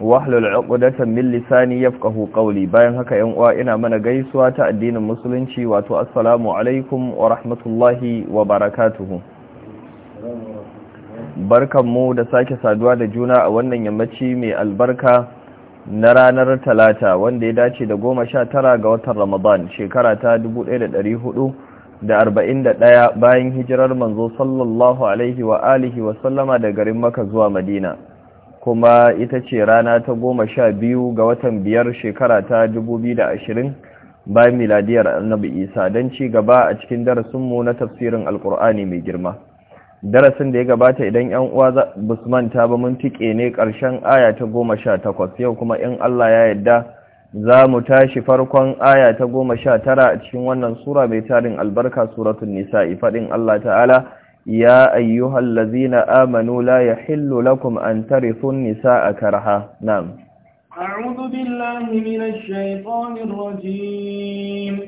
wahlul uqdatan min lisani yafqahu qawli bayan haka yan uwa ina mana gaisuwa ta addinin musulunci wato assalamu alaikum wa rahmatullahi wa barakatuh mu da sake saduwa da juna a wannan yammaci mai albarka na ranar talata wanda ya dace da goma sha tara ga watan ramadan shekara ta 1441 bayan hijirar manzo sallallahu alaihi wa alihi wa sallama da garin maka zuwa madina kuma ita ce rana ta goma sha biyu ga watan biyar shekara ta dubu biyu da ashirin bayan miladiyar annabi isa don ci gaba a cikin darasinmu na tafsirin alkur'ani mai girma darasin da ya gabata idan yan uwa ba ta ba mun tike ne karshen aya ta goma sha takwas yau kuma in allah ya yadda za mu tashi farkon aya ta goma sha tara a cikin wannan sura mai tarin albarka suratun nisa'i faɗin allah ta'ala يا أيها الذين آمنوا لا يحل لكم أن ترثوا النساء كرها نعم أعوذ بالله من الشيطان الرجيم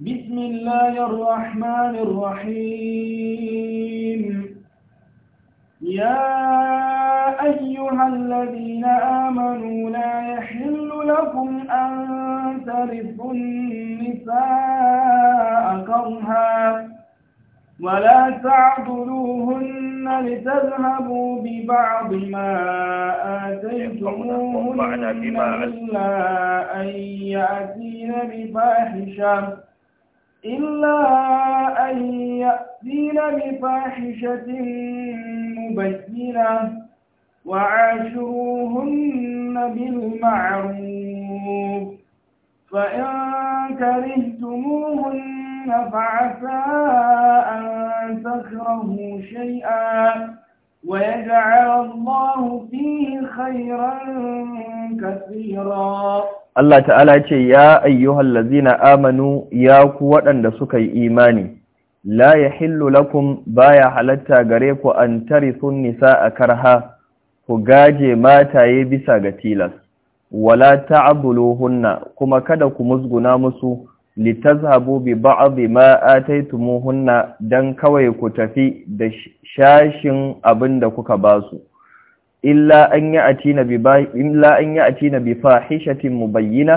بسم الله الرحمن الرحيم يا أيها الذين آمنوا لا يحل لكم أن ترثوا النساء كرها ولا تعضلوهن لتذهبوا ببعض ما آتيتموهن إلا أن يأتين بفاحشة إلا أن يأتين بفاحشة مبينة وعاشروهن بالمعروف فإن كرهتموهن فعسى أن تكرهوا شيئا ويجعل الله فيه خيرا كثيرا Allah ta'ala ce ya ayyuhal lazina amanu ya ku waɗanda suka yi imani la hillu lakum baya halatta gare ku an nisa a karha ku gaje mataye bisa ga tilas wala hunna, kuma kada ku musguna musu litazhabu bi ba'd ma ataytumuhunna dan kawai ku tafi da shashin abinda kuka basu illa an ya'tina bi illa an ya'tina bi fahishatin mubayyana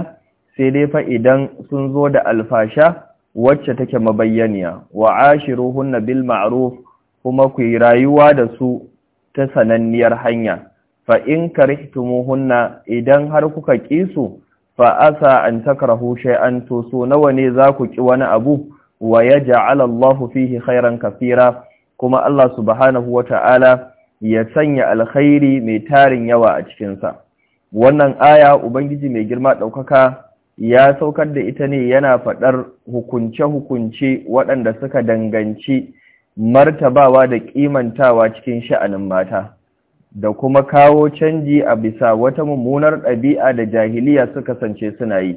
sai dai fa idan sun zo da alfasha wacce take mabayyaniya wa ashiruhunna bil ma'ruf kuma ku rayuwa da su ta sananniyar hanya fa in karihtumuhunna idan har kuka kisu fa asa an takrahu shay'an to so nawa ne zaku ku ki wani abu wa yaj'al Allahu fihi khairan kafira kuma Allah subhanahu wata'ala ya sanya alkhairi mai tarin yawa a cikin sa wannan aya ubangiji mai girma daukaka ya saukar da ita ne yana faɗar hukunce-hukunce waɗanda suka danganci martabawa da ƙimantawa cikin sha'anin mata da kuma kawo canji a bisa wata mummunar ɗabi'a da jahiliya suka kasance suna yi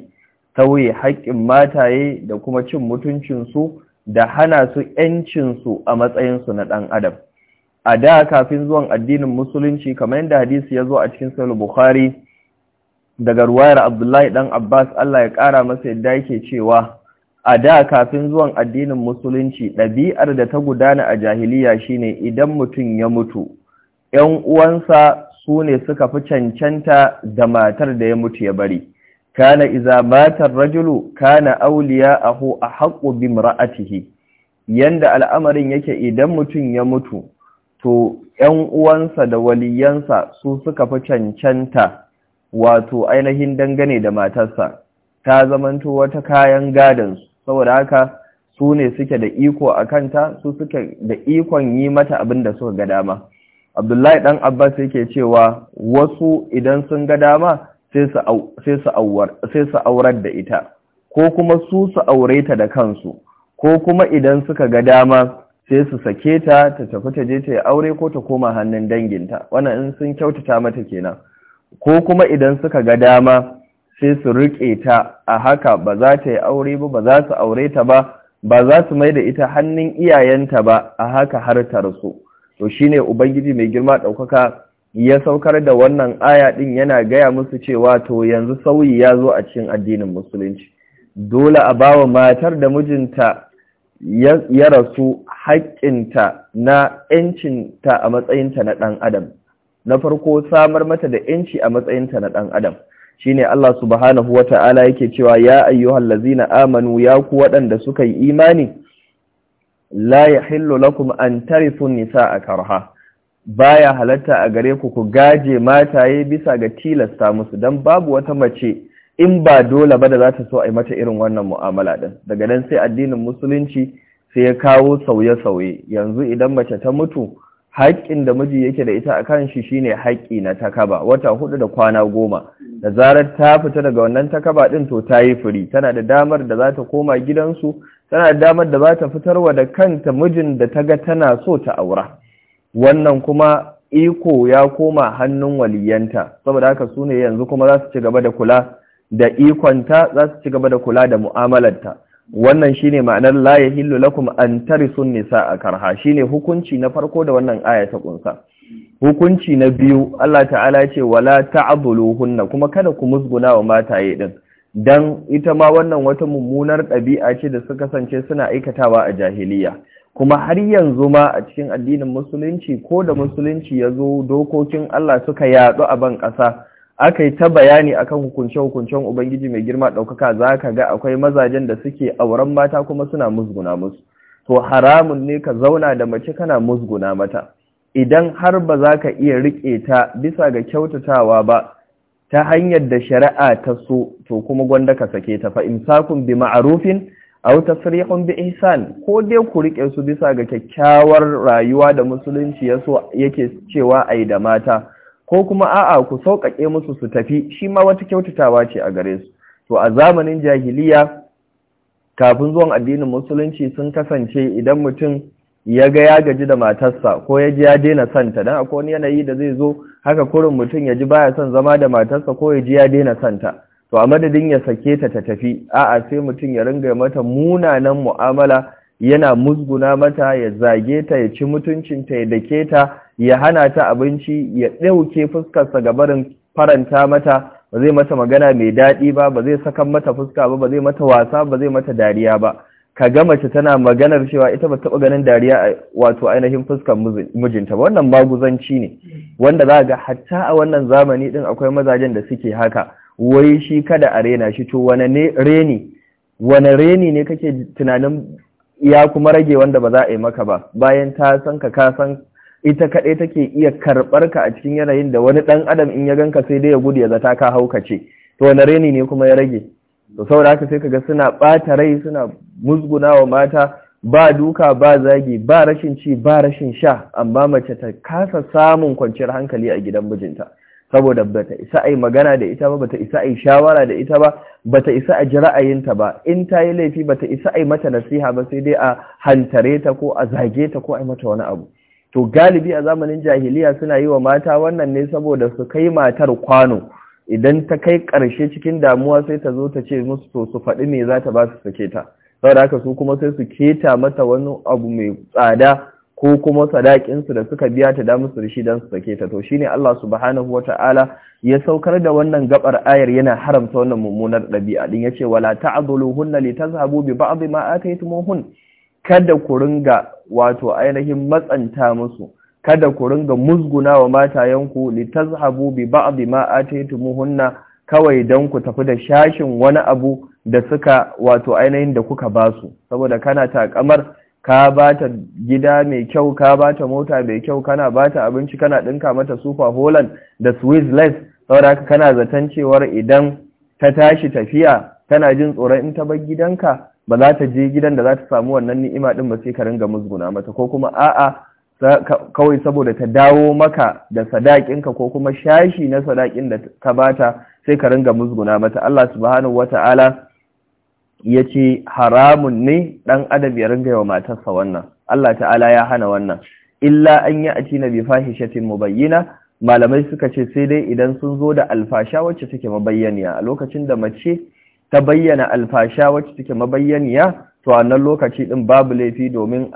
tauye haƙƙin mataye da kuma cin mutuncinsu da hana su ‘yancinsu a matsayinsu na ɗan adam a da kafin zuwan addinin musulunci kamar yadda hadisi ya zo a cikin sahih bukhari daga ruwayar abdullahi ɗan abbas allah ya ƙara masa yadda yake cewa a da kafin zuwan addinin musulunci ɗabi'ar da ta gudana a jahiliya shine idan mutum ya mutu ‘yan uwansa su ne suka fi cancanta da matar da ya mutu ya bari, kana iza matar rajulu kana auliya aho a haƙo bi mura'atihi, yanda al'amarin yake idan mutum ya mutu, to ‘yan uwansa da waliyansa su suka fi cancanta wato ainihin dangane da matarsa, ta zamanto wata kayan gadansu, saboda haka su ne suke da iko a kanta, su suke da ikon yi mata abin da suka ga dama. abdullahi dan abbas yake cewa wasu idan sun ga dama sai su aurar da ita ko kuma su su aure ta da kansu ko kuma idan suka ga dama sai su sake ta ta tafi ta je ta yi aure ko ta koma hannun danginta wannan in sun kyautata mata kenan ko kuma idan suka ga dama sai su riƙe ta a haka ba za ta yi aure ba ba za su aure ta ba ba za su mai da ita hannun iyayenta ba a haka har ta rasu to shine ubangiji mai girma ɗaukaka ya saukar da wannan aya ɗin yana gaya musu cewa to yanzu sauyi ya zo a cikin addinin musulunci dole a bawa matar da mijinta ya rasu haƙƙinta na 'yancinta a matsayinta na ɗan adam na farko samar mata da 'yanci a matsayinta na ɗan adam ne Allah subhanahu wata'ala yake cewa ya ayyuhallazina amanu ya ku waɗanda suka yi imani la yahillu lakum an nisa a karha baya halatta a gare ku ku gaje mataye bisa ga tilasta musu don babu wata mace in ba dole ba da za ta so a yi mata irin wannan mu'amala din daga nan sai addinin musulunci sai ya kawo sauye-sauye yanzu idan mace ta mutu haƙƙin da miji yake da ita a kan shi shine haƙƙi na takaba wata hudu da kwana goma da zarar ta fita daga wannan takaba ɗin to ta yi firi tana da damar da za ta koma gidansu tana damar da ba ta fitarwa da kanta mijin da ta ga tana so ta aura wannan kuma iko ya koma hannun waliyanta saboda haka su ne yanzu kuma za su ci gaba da kula da ikonta za su ci gaba da kula da mu'amalarta wannan shine ma'anar la yahillu lakum an tari sun nisa" a karha shine hukunci na farko da wannan aya ta kunsa hukunci na biyu Allah ta'ala ce wala hunna kuma kada ku musguna wa mataye din Dan, ita ma wannan wata mummunar ɗabi'a ce da suka kasance suna aikatawa a jahiliya kuma har yanzu ma a cikin addinin musulunci ko da musulunci ya zo dokokin Allah suka yaɗu a ban ƙasa aka yi ta bayani akan hukunce-hukuncen Ubangiji mai girma ɗaukaka za ka ga akwai mazajen da suke auren mata kuma suna musguna musu to haramun ne ka zauna da mace kana musguna mata idan har ba za ka iya riƙe ta bisa ga kyautatawa ba ta hanyar da shari'a ta so to kuma gwanda ka sake ta fa imsakun bi ma'arufin aw tasrihun bi ihsan ko dai ku rike su bisa ga kyakkyawar rayuwa da musulunci so yake cewa ai da mata ko kuma a'a ku sauƙaƙe musu su tafi shi ma wata kyautatawa ce a gare su to a zamanin jahiliya kafin zuwan addinin musulunci sun kasance idan mutum ya ga ya gaji da matarsa ko ya ji ya daina santa dan akwai wani yanayi da zai zo haka kurin mutum ya ji baya son zama da matarsa ko ya ji ya daina santa to a madadin ya sake ta ta tafi a'a sai mutum ya ringa mata munanan mu'amala yana musguna mata ya zage ta ya ci mutuncinta ya dake ta ya hana ta abinci ya ɗauke fuskarsa ga barin faranta mata ba zai mata magana mai daɗi ba ba zai sakan mata fuska ba ba zai mata wasa ba zai mata dariya ba ka ga mace tana maganar cewa ita ba taɓa ganin dariya wato ainihin fuskar mijinta wannan maguzanci ne wanda za ga hatta a wannan zamani din akwai mazajen da suke haka wai shi kada a rena shi to wane reni reni ne kake tunanin ya kuma rage wanda ba za a yi maka ba bayan ta san ka ka san ita kaɗai take iya karɓar ka a cikin yanayin da wani ɗan adam in ya ganka sai dai ya gudu ya zata ka ce. to wane reni ne kuma ya rage to saboda haka sai kaga suna ɓata rai suna musguna wa mata ba duka ba zagi ba rashin ci ba rashin sha amma mace ta kasa samun kwanciyar hankali a gidan mijinta saboda bata isa ai magana da ita ba bata isa ai shawara da ita ba bata isa a ji ra'ayinta ba in ta yi laifi bata isa ai mata nasiha ba sai dai a hantare ta ko a zage ta ko a mata wani abu to galibi a zamanin jahiliya suna yi wa mata wannan ne saboda su kai matar kwano idan ta kai ƙarshe cikin damuwa sai ta zo ta ce musu to su faɗi me za ta ba su sake ta saboda haka su kuma sai su keta mata wani abu mai tsada ko kuma sadakinsu da suka biya ta da su rishi dan su sake ta to shine Allah subhanahu wata'ala ya saukar da wannan gabar ayar yana haramta wannan mummunar ɗabi'a din yace wala ta'dhuluhunna litazhabu bi ba'd ma ataytumuhun kada ku ringa wato ainihin matsanta musu kada ku ringa musguna wa matayenku litazhabu bi ba'd ma ataytumuhunna kawai dan ku tafi da shashin wani abu da suka wato ainihin da kuka basu saboda kana ta kamar ka bata gida mai kyau ka bata mota mai kyau kana bata abinci kana dinka mata super holland da swiss life saboda haka kana zaton cewar idan ta tashi tafiya kana jin tsoron in ta bar gidanka ba za ta je gidan da za ta samu wannan ni'ima din ba sai ka ringa musguna mata ko kuma a'a kawai saboda ta dawo maka da sadakinka ko kuma shashi na sadakin da ka bata sai ka ringa musguna mata Allah subhanahu wata'ala ya ce haramun ne ɗan adam ya ringa yawa matarsa wannan Allah ta'ala ya hana wannan illa an yi a cina bi fahishatin mubayyina malamai suka ce sai dai idan sun zo da alfasha wacce take mabayyaniya a lokacin da mace ta bayyana alfasha wacce take mabayyaniya to a nan lokaci din babu laifi domin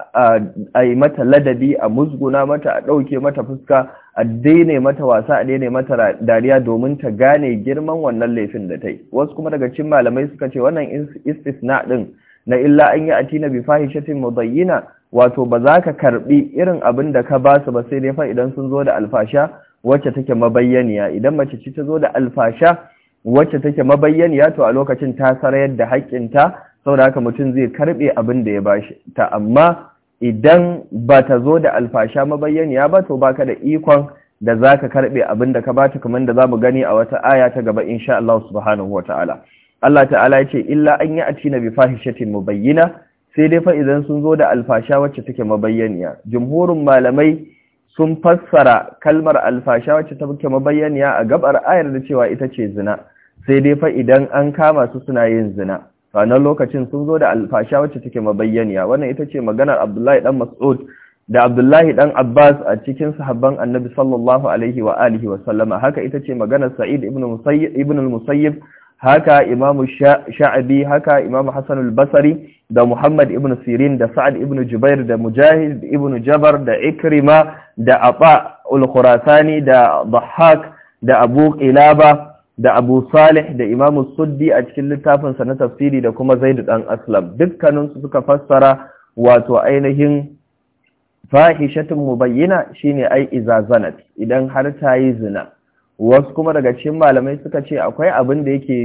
a yi mata ladabi a musguna mata a ɗauke mata fuska a daina mata wasa a daina mata dariya domin ta gane girman wannan laifin da ta yi wasu kuma daga cin malamai suka ce wannan istisna din na illa an yi atina bi fahishatin mubayyina wato ba za ka karbi irin abin da ka ba su ba sai dai fa idan sun zo da alfasha wacce take mabayyaniya idan mace ce ta zo da alfasha wacce take mabayyaniya to a lokacin ta sarayar da haƙƙinta saboda haka mutum zai karbe abin da ya bashi ta amma idan ba ta zo da alfasha mabayyaniya ba to baka da ikon da zaka karbe abin da ka bata kamar da za mu gani a wata aya ta gaba insha Allah subhanahu wataala Allah ta'ala ya ce illa an yi atina bi fahishatin mubayyina sai dai fa idan sun zo da alfasha wacce take mabayyaniya jumhurin malamai sun fassara kalmar alfasha wacce ta take mabayyaniya a gabar ayar da cewa ita ce zina sai dai fa idan an kama su suna yin zina ranar lokacin sun zo da alfasha wacce take mabayyaniya wannan ita ce maganar abdullahi dan mas'ud da abdullahi dan abbas a cikin sahabban annabi sallallahu alaihi wa alihi wa sallama haka ita ce maganar sa'id ibn musayyib ibn al-musayyib haka imam sha'abi haka imam hasan al-basri da muhammad ibn sirin da sa'ad ibn jubair da mujahid ibn jabar da ikrima da aba al-khurasani da Bahak da abu qilaba da Abu Salih da Imam Suddi a cikin littafin sa na tafsiri da kuma Zaid dan Aslam dukkanin su suka fassara wato ainihin fahishatun mubayyana shine ai izazanat idan har ta yi zina wasu kuma daga cikin malamai suka ce akwai abin da yake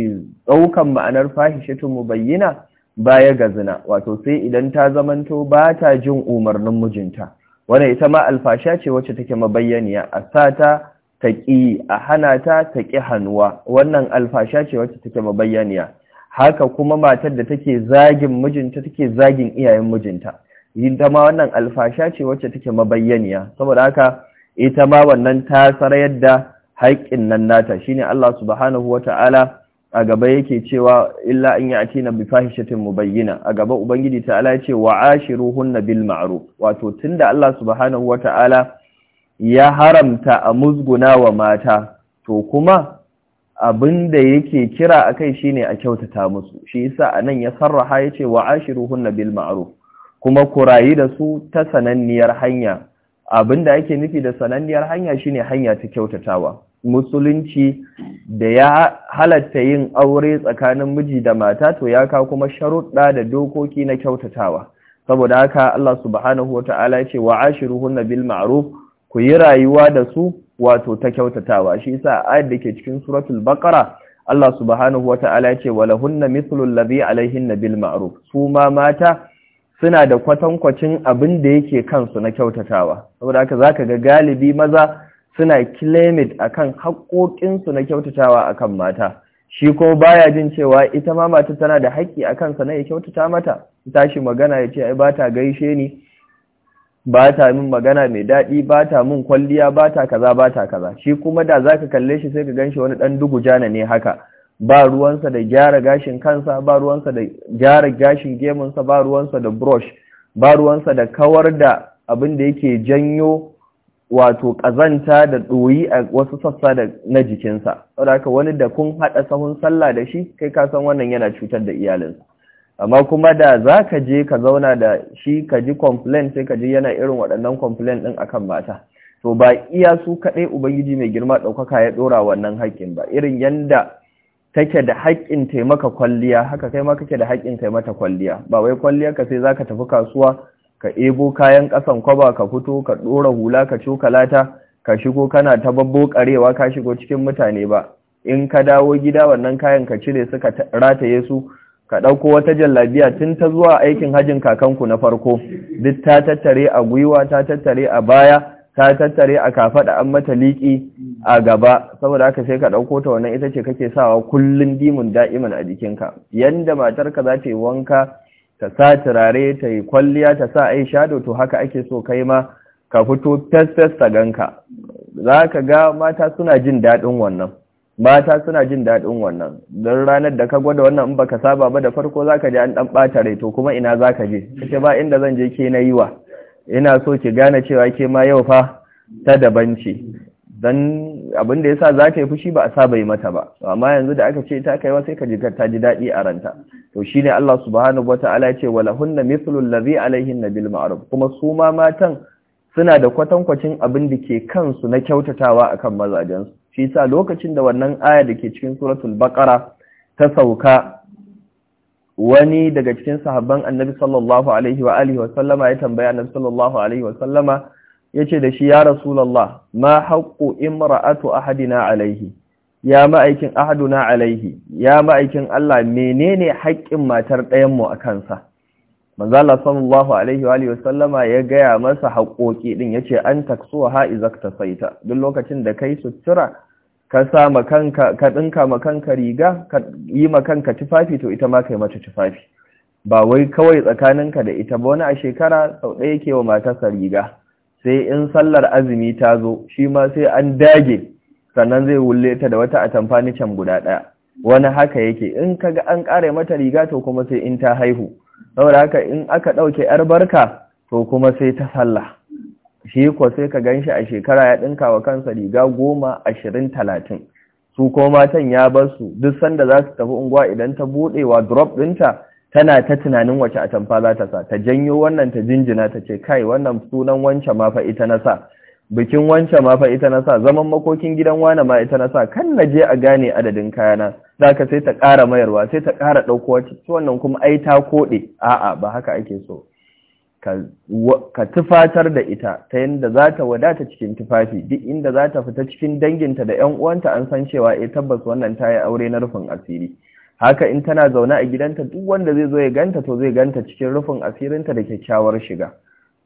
daukan ma'anar fahishatun mubayyana baya ga zina wato sai idan ta zamanto ba ta jin umarnin mijinta wannan ita ma alfasha ce wacce take mabayyaniya a sata ta ƙi a hana ta ta ƙi hannuwa wannan alfasha ce wacce take mabayyaniya haka kuma matar da take zagin mijinta take zagin iyayen mijinta Yin ta ma wannan alfasha ce wacce take mabayyaniya saboda haka ita ma wannan ta sarayar da haƙƙin nan nata shine Allah subhanahu wata'ala a gaba yake cewa illa an ya'ti atina bi fahishatin mubayyina a gaba ubangiji ta'ala ya ce wa ashiruhunna bil ma'ruf wato tunda Allah subhanahu wata'ala ya haramta a musguna wa mata to kuma abin da yake kira a kai shine a kyautata musu shi yasa anan ya sarraha ce wa hunna bil ma'ruf kuma ku da su ta sananniyar hanya abin da ake nufi da sananniyar hanya shine hanya ta kyautatawa musulunci da ya halatta yin aure tsakanin miji da mata to ya ka kuma sharuɗa da dokoki na kyautatawa saboda haka Allah subhanahu wataala ce wa hunna bil ma'ruf ku yi rayuwa da su wato ta kyautatawa shi yasa ayat da ke cikin suratul baqara Allah subhanahu wata'ala yace walahunna mithlu allazi alaihinna bil ma'ruf su ma mata suna da kwatankwacin abin da yake kansu na kyautatawa saboda haka zaka ga galibi maza suna claimit akan su na kyautatawa akan mata shi ko baya jin cewa ita ma mata tana da haƙƙi akan sa na ya kyautata mata tashi magana yace ce ai ba ta gaishe ni ba ta min magana mai daɗi ba ta min kwalliya ba ta kaza ba ta kaza shi kuma da za ka kalle shi sai ka gan wani ɗan dugu jana ne haka ba ruwansa da gyara gashin kansa ba ruwansa da gyara gashin gemunsa ba ruwansa da brush ba ruwansa da kawar da abin da yake janyo wato ƙazanta da ɗoyi a wasu sassa na jikinsa. Saboda haka wani da kun haɗa sahun sallah da shi kai ka san wannan yana cutar da iyalinsa. amma kuma da za ka je ka zauna da shi ka ji complain sai ka ji yana irin waɗannan complain ɗin akan mata to ba iya su kaɗai ubangiji mai girma ɗaukaka ya ɗora wannan haƙƙin ba irin yanda take da haƙƙin taimaka kwalliya haka kai ma kake da haƙƙin mata kwalliya ba wai kwalliya ka sai za ka tafi kasuwa ka ebo kayan ƙasan kwaba ka fito ka ɗora hula ka cokalata ka shigo kana ta babbo karewa ka shigo cikin mutane ba in ka dawo gida wannan kayan ka cire suka rataye su ka ɗauko wata jallabiya tun ta zuwa aikin hajin kakanku na farko duk ta tattare a gwiwa ta tattare a baya ta tattare a kafaɗa an mata liƙi a gaba saboda aka sai ka ɗauko ta wannan ita ce kake sawa kullum dimun da'iman a jikinka yanda ka za ta yi wanka ta sa turare ta yi kwalliya ta sa ai shado to haka ake so kai ma ka fito tas tas ta ganka za ka ga mata suna jin daɗin wannan mata suna jin daɗin wannan don ranar da ka gwada wannan in ka saba ba da farko za ka je an ɗan ɓata rai to kuma ina za ka je kace ba inda zan je ke na yi wa ina so ki gane cewa ke ma yau fa ta daban ce don abin da ya sa za ta yi fushi ba a saba yi mata ba amma yanzu da aka ce ta wa sai ka ji ta ji daɗi a ranta to shi ne Allah subhanahu wataala ta'ala ce wala hunna mithlul ladhi alaihin bil ma'ruf kuma su ma matan suna da kwatankwacin abin da ke kansu na kyautatawa akan mazajensu shi yasa lokacin da wannan aya da ke cikin suratul baqara ta sauka wani daga cikin sahabban annabi sallallahu alaihi wa alihi wa sallama ya tambaya annabi sallallahu alaihi wa sallama yace da shi ya rasulullah ma haqqu imra'atu ahadina alaihi ya ma'aikin ahaduna alaihi ya ma'aikin Allah menene haƙƙin matar ɗayan mu akan sa manzo Allah sallallahu alaihi wa alihi sallama ya gaya masa haƙoƙi din yace an taksuha idza saita duk lokacin da kai sutura ka sa makanka ka dinka makanka riga ka yi makanka tufafi to ita ma kai mata tufafi ba wai kawai tsakaninka da ita ba wani a shekara sau ɗaya yake wa matarsa riga sai in sallar azumi ta zo shi ma sai an dage sannan zai wulle ta da wata atamfa can guda ɗaya wani haka yake in ka ga an ƙara mata riga to kuma sai in ta haihu saboda haka in aka ɗauke yar barka to kuma sai ta sallah shi ko sai ka ganshi a shekara ya dinka wa kansa riga goma ashirin talatin su ko matan ya bar su duk sanda za su tafi unguwa idan ta buɗewa drop ɗinta tana ta tunanin wace a tamfa za ta sa ta janyo wannan ta jinjina ta ce kai wannan sunan wance ma fa ita na sa bikin wance ma fa ita na sa zaman makokin gidan wane ma ita na sa kan na je a gane adadin kayana za ka sai ta ƙara mayarwa sai ta ƙara ɗauko wacce wannan kuma ai ta koɗe a'a ba haka ake so ka tufatar da ita ta yadda za ta wadata cikin tufafi duk inda za ta fita cikin danginta da 'yan uwanta an san cewa eh tabbas wannan ta yi aure na rufin asiri haka in tana zaune a gidanta duk wanda zai zo ya ganta to zai ganta cikin rufin asirinta da kyakkyawar shiga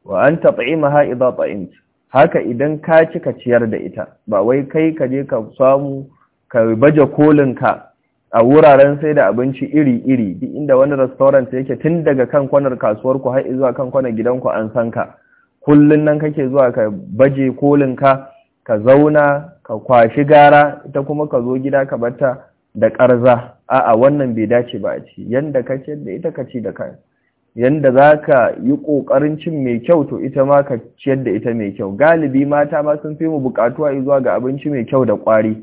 wa an ima idza ta'im haka idan ka ci ka ciyar da ita ba wai kai ka je ka samu ka baje kolin ka a wuraren sai da abinci iri-iri duk inda wani restaurant yake tun daga kan kwanar kasuwar ku har zuwa kan kwanar gidanku an san ka kullun nan kake zuwa ka baje kolin ka ka zauna ka kwashi gara ita kuma ka zo gida ka barta da karza a'a wannan bai dace ba a ci yanda kake da ita ka ci da kai yanda zaka yi ƙoƙarin cin mai kyau to ita ma ka ciyar da ita mai kyau galibi mata ma sun fi mu bukatuwa zuwa ga abinci mai kyau da kwari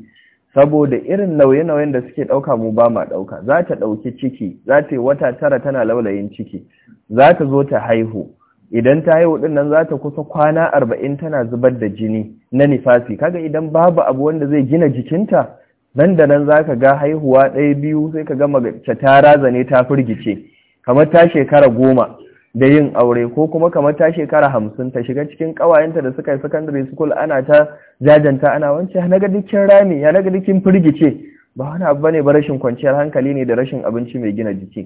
saboda irin nauye-nauyen da suke ɗauka mu ba ma ɗauka za ta ɗauki ciki za ta yi wata tara tana laulayin ciki za ta zo ta haihu idan ta haihu ɗin nan za ta kusa kwana arba'in tana zubar da jini na nifasi kaga idan babu abu wanda zai gina jikinta nan da nan za ka ga haihuwa ɗaya biyu sai ka gama mace ta razane ta firgice kamar ta shekara goma da yin aure ko kuma kamar ta shekara hamsin ta shiga cikin ƙawayenta da suka yi secondary school ana ta jajanta ana wance ya naga dukkin rami ya naga dukkin firgice ba wani abu bane ba rashin kwanciyar hankali ne da rashin abinci mai gina jiki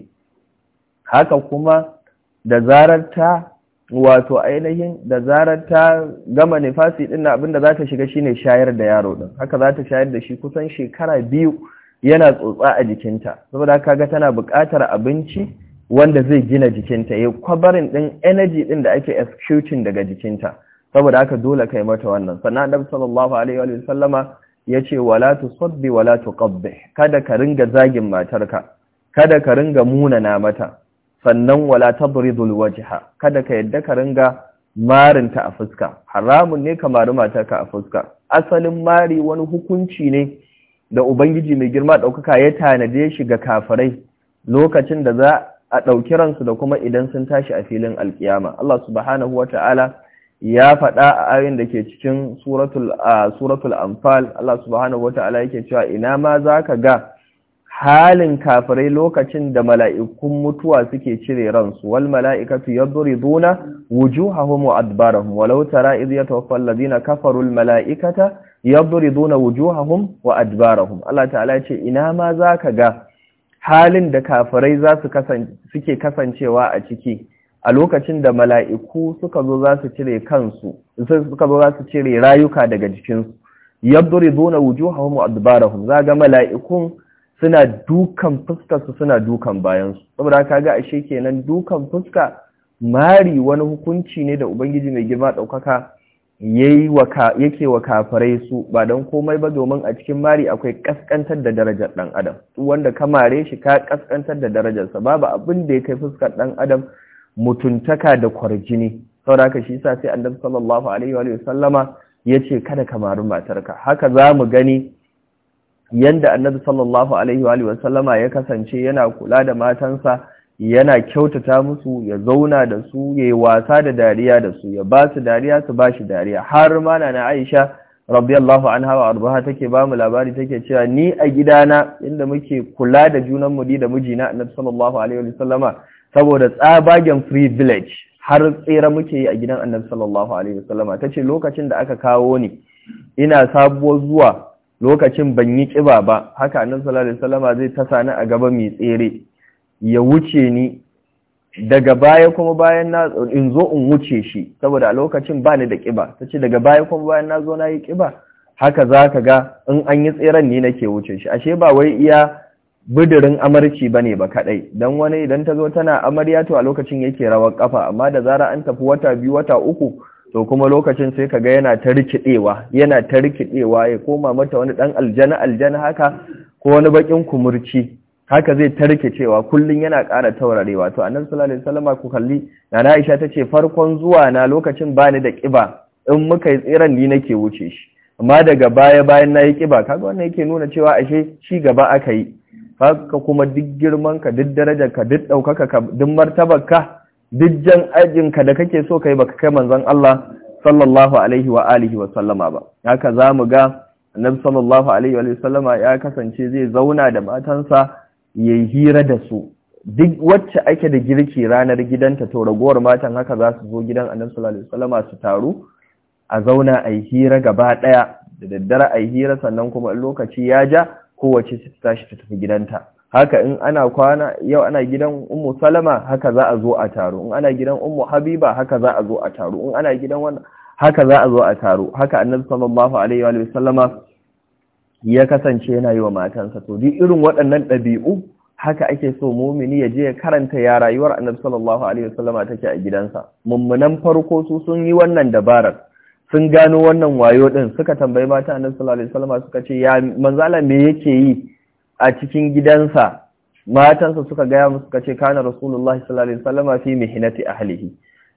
haka kuma da zarar ta wato ainihin da zarar ta gama nifasi din abin da za ta shiga shine shayar da yaro din haka za ta shayar da shi kusan shekara biyu yana tsotsa a jikinta saboda kaga tana buƙatar abinci wanda zai gina jikinta ya kwabarin ɗin energy ɗin da ake executing daga jikinta saboda haka dole kai mata wannan sannan annabi sallallahu alaihi wa sallama yace wala tusabbi wala tuqabbi kada ka ringa zagin matarka kada ka ringa munana mata sannan wala tabridul wajha kada ka yadda ka ringa marinta a fuska haramun ne ka mari matarka a fuska asalin mari wani hukunci ne da ubangiji mai girma daukaka ya tanade shi ga kafirai lokacin da za a ɗauki ransu da kuma idan sun tashi a filin alkiyama Allah subhanahu wa ta'ala ya faɗa a ayoyin da ke cikin suratul anfal Allah subhanahu wa ta'ala yake cewa ina ma za ka ga halin kafirai lokacin da mala'ikun mutuwa suke cire ransu wal mala'ikatu yadribuna wujuhahum wa adbarahum walau tara idh yatawaffa alladhina kafaru al mala'ikata wuju wujuhahum wa adbarahum Allah ta'ala ce ina ma zaka ga halin da kafirai za su suke kasancewa a ciki a lokacin da mala'iku suka zo za su cire kansu suka zo za su cire rayuka daga jikinsu yadribuna wujuhahum wa za ga mala'ikun suna dukan su suna dukan bayansu saboda kaga ashe kenan dukan fuska mari wani hukunci ne da ubangiji mai girma ɗaukaka yake wa kafarai su ba don komai ba domin a cikin mari akwai kaskantar da darajar ɗan adam wanda ka mare shi ka kaskantar da darajarsa babu abin da ya kai fuskar ɗan adam mutuntaka da kwarjini sauraka shi sa sai annabi sallallahu alaihi wa sallama yace kada ka mari matarka haka za mu gani yadda annabi sallallahu alaihi wa sallama ya kasance yana kula da matansa yana kyautata musu ya zauna da su ya yi wasa da dariya da su ya ba su dariya su ba shi dariya har ma na aisha radiyallahu anha wa arbaha take ba mu labari take cewa ni a gidana inda muke kula da junan mu da mijina annabi sallallahu alaihi wa sallama saboda tsabagen free village, har tsere muke yi a gidan annabi sallallahu alaihi wa sallama tace lokacin da aka kawo ni ina sabuwar zuwa lokacin ban yi kiba ba haka annabi sallallahu alaihi wa sallama zai tasa ni a gaba mai tsere ya wuce ni daga baya kuma bayan na in zo in wuce shi saboda a lokacin ba ni da ƙiba ta ce daga baya kuma bayan na zo na yi ƙiba haka za ka ga in an yi tseren ni nake wuce shi ashe ba wai iya bidirin amarci ba ne ba kaɗai don wani idan ta zo tana amarya to a lokacin yake rawar ƙafa amma da zara an tafi wata biyu wata uku to kuma lokacin sai ka ga yana ta rikidewa yana ta rikidewa ya koma mata wani ɗan aljana aljana haka ko wani bakin kumurci haka zai tarke cewa kullum yana ƙara taurarewa to annabi sallallahu alaihi wasallam ku kalli nana Aisha tace farkon zuwa na lokacin bani da ƙiba. in muka yi tsiran ni nake wuce shi amma daga baya bayan na nayi kiba kaga wannan yake nuna cewa ashe ci gaba aka yi haka kuma duk girman ka duk darajar ka duk daukaka ka duk martabar ka duk jan ajin ka da kake so kai baka kai manzon Allah sallallahu alaihi wa alihi wa sallama ba haka zamu ga annabi sallallahu alaihi wa sallama ya kasance zai zauna da matansa ya yi hira da su duk wacce ake da girki ranar gidanta to ragowar matan haka za su zo gidan annabi sallallahu alaihi su taru a zauna a yi hira gaba daya da daddare a yi hira sannan kuma lokaci ya ja kowace ta tashi ta tafi gidanta haka in ana kwana yau ana gidan ummu salama haka za a zo a taro in ana gidan ummu habiba haka za a zo a taro in ana gidan wannan haka za a zo a taro haka annabi sallallahu alaihi wa sallama ya kasance yana yi wa matansa to duk irin waɗannan ɗabi'u haka ake so mumini ya je ya karanta ya rayuwar annabi sallallahu alaihi wasallama take a gidansa mummunan farko su sun yi wannan dabarar sun gano wannan wayo din suka tambayi mata annabi sallallahu alaihi wasallama suka ce ya manzala me yake yi a cikin gidansa matansa suka gaya musu suka ce kana rasulullahi sallallahu alaihi wasallama fi mihnati ahlihi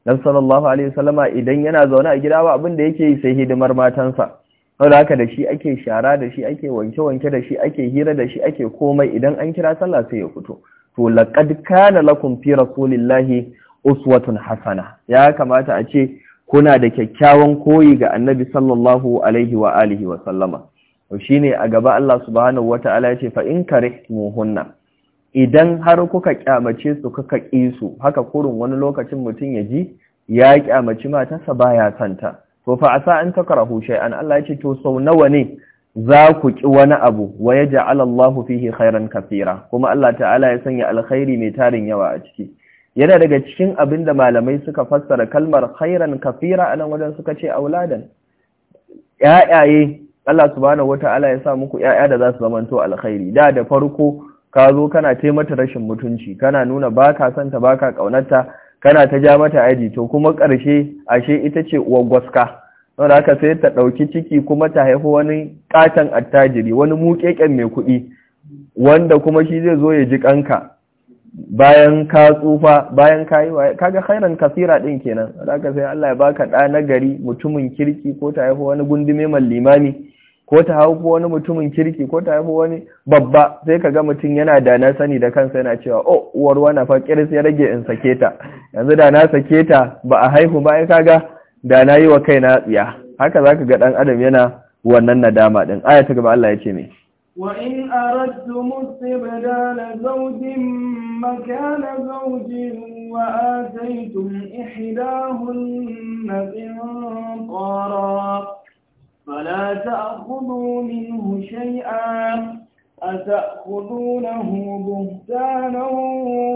nan sallallahu alaihi wasallama idan yana zaune a gida ba abin da yake yi sai hidimar matansa saboda haka da shi ake shara da shi ake wanke-wanke da shi ake hira da shi ake komai idan an kira sallah sai ya fito to laqad kana lakum fi rasulillahi uswatun hasana ya kamata a ce kuna da kyakkyawan koyi ga annabi sallallahu alaihi wa alihi wa sallama to shine a gaba Allah subhanahu wataala ya ce fa in karihtumuhunna idan har kuka kyamace su kuka kisu haka kurun wani lokacin mutun ya ji ya kyamaci matarsa baya santa to fa asa an takrahu shay'an Allah yace to sau nawa ne za ku ki wani abu wa yaj'al Allahu fihi khairan kaseera kuma Allah ta'ala ya sanya alkhairi mai tarin yawa a ciki yana daga cikin abinda malamai suka fassara kalmar khairan kaseera anan wajen suka ce auladan ƴaƴaye Allah subhanahu wata'ala ya sa muku ƴaƴa da za su zamanto alkhairi da da farko ka zo kana taimata rashin mutunci kana nuna baka santa baka kaunarta kana ta ja mata aji to kuma ƙarshe ashe ita ce uwar gwaska don haka sai ta ɗauki ciki kuma ta haifi wani ƙaton attajiri wani muƙeƙen mai kuɗi wanda kuma shi zai zo ya ji ƙanka bayan ka tsufa bayan ka yi kaga khairan kasira ɗin kenan don haka sai Allah ya baka ɗa nagari mutumin kirki ko ta haifi wani gundume mai limami ko ta haifu wani mutumin kirki ko ta haifu wani babba sai ka ga mutum yana da na sani da kansa yana cewa 'O' oh, uwar wani fa kiris ya rage in sake ta yanzu da na sake ta ba a haihu ba ai kaga da na yi wa kai na tsiya haka zaka ga dan adam yana wannan nadama din aya ta gaba Allah ya ce me وإن أردتم استبدال زوج مكان زوج وآتيتم إحداهن قنطارا فلا تأخذوا منه شيئا أتأخذونه بهتانا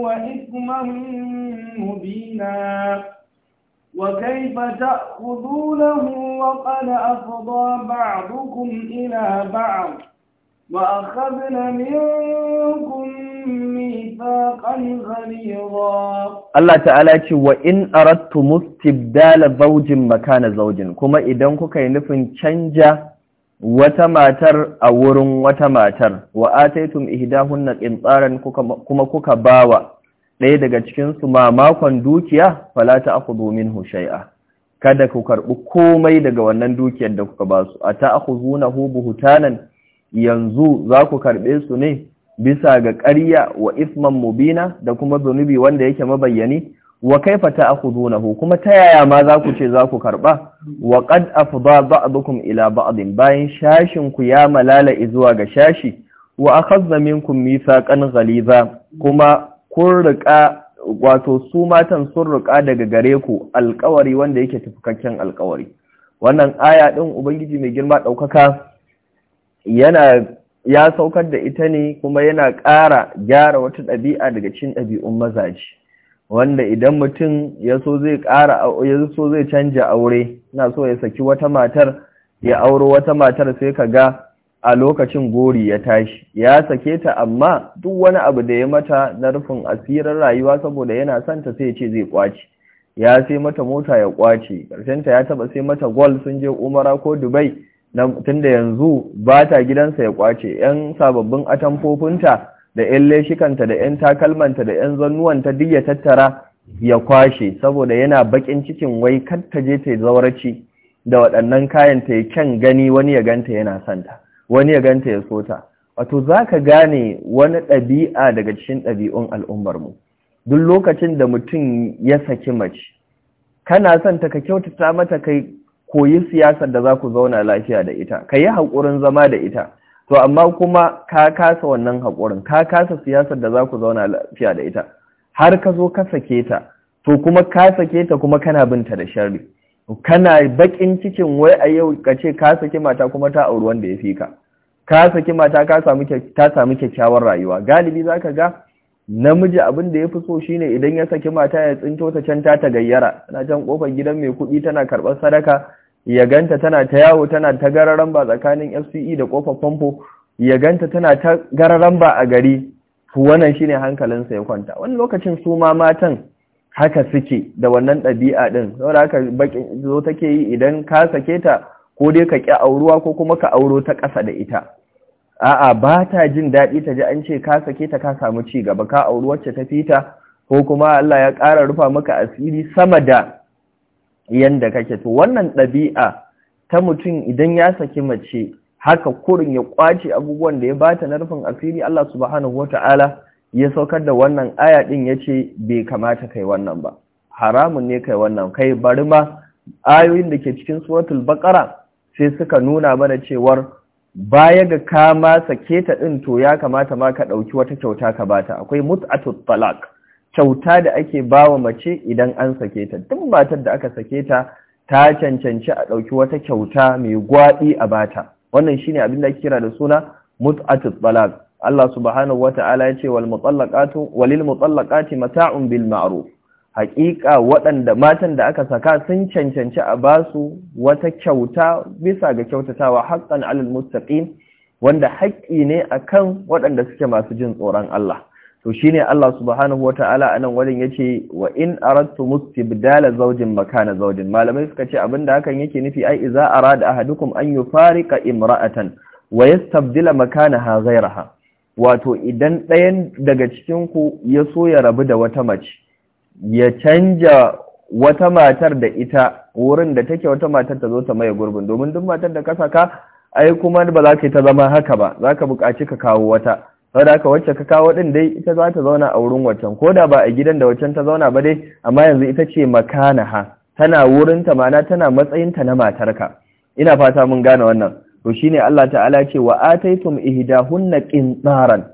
وإثما مبينا وكيف تأخذونه وقد أفضى بعضكم إلى بعض وأخذنا منكم ميثاقا غليظا الله تعالى ce wa in aradtum istibdala zawjin makana zaujin, kuma idan kuka yi nufin canja wata matar a wurin wata matar wa ataitum ihdahunna qintaran kuma kuka ba wa. ɗaya daga cikin su mamakon dukiya fala ta'khudhu minhu shay'a kada ku karɓi komai daga wannan dukiyar da kuka basu ata'khuzunahu buhutanan yanzu za ku karɓe su ne bisa ga ƙarya wa isman mubina da kuma zunubi wanda yake mabayyani wa kaifa hu kuma ta yaya ma za ku ce za ku karɓa wa ba a ba'dukum ila bayan shashin ku ya malala zuwa ga shashi wa ku misa ƙan ghaliza kuma kun riƙa wato su matan sun riƙa daga gare ku alƙawari wanda yake tufkakken alƙawari wannan aya ɗin ubangiji mai girma ɗaukaka yana ya saukar da ita ne kuma yana ƙara gyara wata ɗabi'a daga cin ɗabi'un mazaje wanda idan mutum ya so zai ƙara ya so zai canja aure na so ya saki wata matar ya auro wata matar sai ka ga a lokacin gori ya tashi ya sake ta amma duk wani abu da ya mata na rufin asirin rayuwa saboda yana son ta sai ce zai kwace ya sai mata mota ya kwace ta ya taba sai mata gol sun je umara ko dubai da yanzu ba ta gidansa ya kwace yan sababbin atamfofinta da yan leshikanta da yan takalmanta da yan zannuwanta duk ya tattara ya kwashe saboda yana bakin cikin wai kar ta je ta zawarci da waɗannan kayanta ya kyan gani wani ya ganta yana santa wani ya ganta ya sota wato za ka gane wani ɗabi'a daga cikin ɗabi'un al'ummarmu duk lokacin da mutum ya saki mace kana son ta ka kyautata mata kai koyi siyasar da za ku zauna lafiya da ita ka yi haƙurin zama da ita to amma kuma ka kasa wannan haƙurin ka kasa siyasar da za ku zauna lafiya da ita har ka zo ka sake ta to kuma ka sake ta kuma kana binta da sharri kana baƙin cikin wai a yau ka ce ka saki mata kuma ta auri wanda ya fi ka ka saki mata samu ta samu kyakkyawar rayuwa galibi za ka ga namiji abin da ya fi so shine idan ya saki mata ya tsinto ta can ta gayyara. tana can kofar gidan mai kuɗi tana karɓar sadaka ya ganta tana ta yawo tana ta gararan ba tsakanin FCE da kofar famfo ya ganta tana ta gararan ba a gari wannan shine hankalinsa ya kwanta wani lokacin su ma matan haka suke da wannan ɗabi'a ɗin saboda haka bakin zo take yi idan ka sake ta ko dai ka ki auruwa ko kuma ka auro ta ƙasa da ita a'a ba ta jin daɗi ta ji an ce ka sake ta ka samu ci gaba ka auri wacce ta fita ko kuma Allah ya ƙara rufa maka asiri sama da yanda kake to wannan ɗabi'a ta mutum idan ya saki mace haka kurin ya kwace abubuwan da ya bata na rufin asiri Allah subhanahu Ta'ala ya saukar da wannan aya din ce bai kamata kai wannan ba haramun ne kai wannan kai bari ma ayoyin da ke cikin suratul baqara sai suka nuna mana cewar baya ga kama sake ta din to ya kamata ma ka dauki wata kyauta ka bata akwai mut'atut talaq kyauta da ake bawa mace idan an sake ta duk matar da aka sake ta ta cancanci a ɗauki wata kyauta mai gwaɗi a bata wannan shine abin da ake kira da suna mut'atut talaq Allah subhanahu wata'ala ya ce wal mutallaqatu walil mutallaqati mata'un bil ma'ruf haƙiƙa waɗanda matan da aka saka sun cancanci a basu wata kyauta bisa ga kyautatawa haqqan alal muttaqin wanda haƙƙi ne akan waɗanda suke masu jin tsoron Allah to shine Allah subhanahu wataala anan wajen yace wa in aradtu mustibdala zawjin makana zawjin malamai suka ce abinda hakan yake nufi ai iza arada ahadukum an yufariqa imra'atan wa yastabdila makanaha ghayraha wato idan ɗayan daga cikin ku ya so ya rabu da wata mace ya canja wata matar da ita wurin da take wata matar ta zo ta maye gurbin domin duk matar da ka saka ai kuma ba za ka yi ta zama haka ba za ka buƙaci ka kawo wata saboda haka wacce ka kawo din dai ita za ta zauna a wurin waccan ko da ba a gidan da waccan ta zauna ba dai amma yanzu ita ce ha. tana wurinta, mana tana matsayinta na matarka ina fata mun gane wannan to shine Allah ta'ala ce wa ataitum ihdahunna qintaran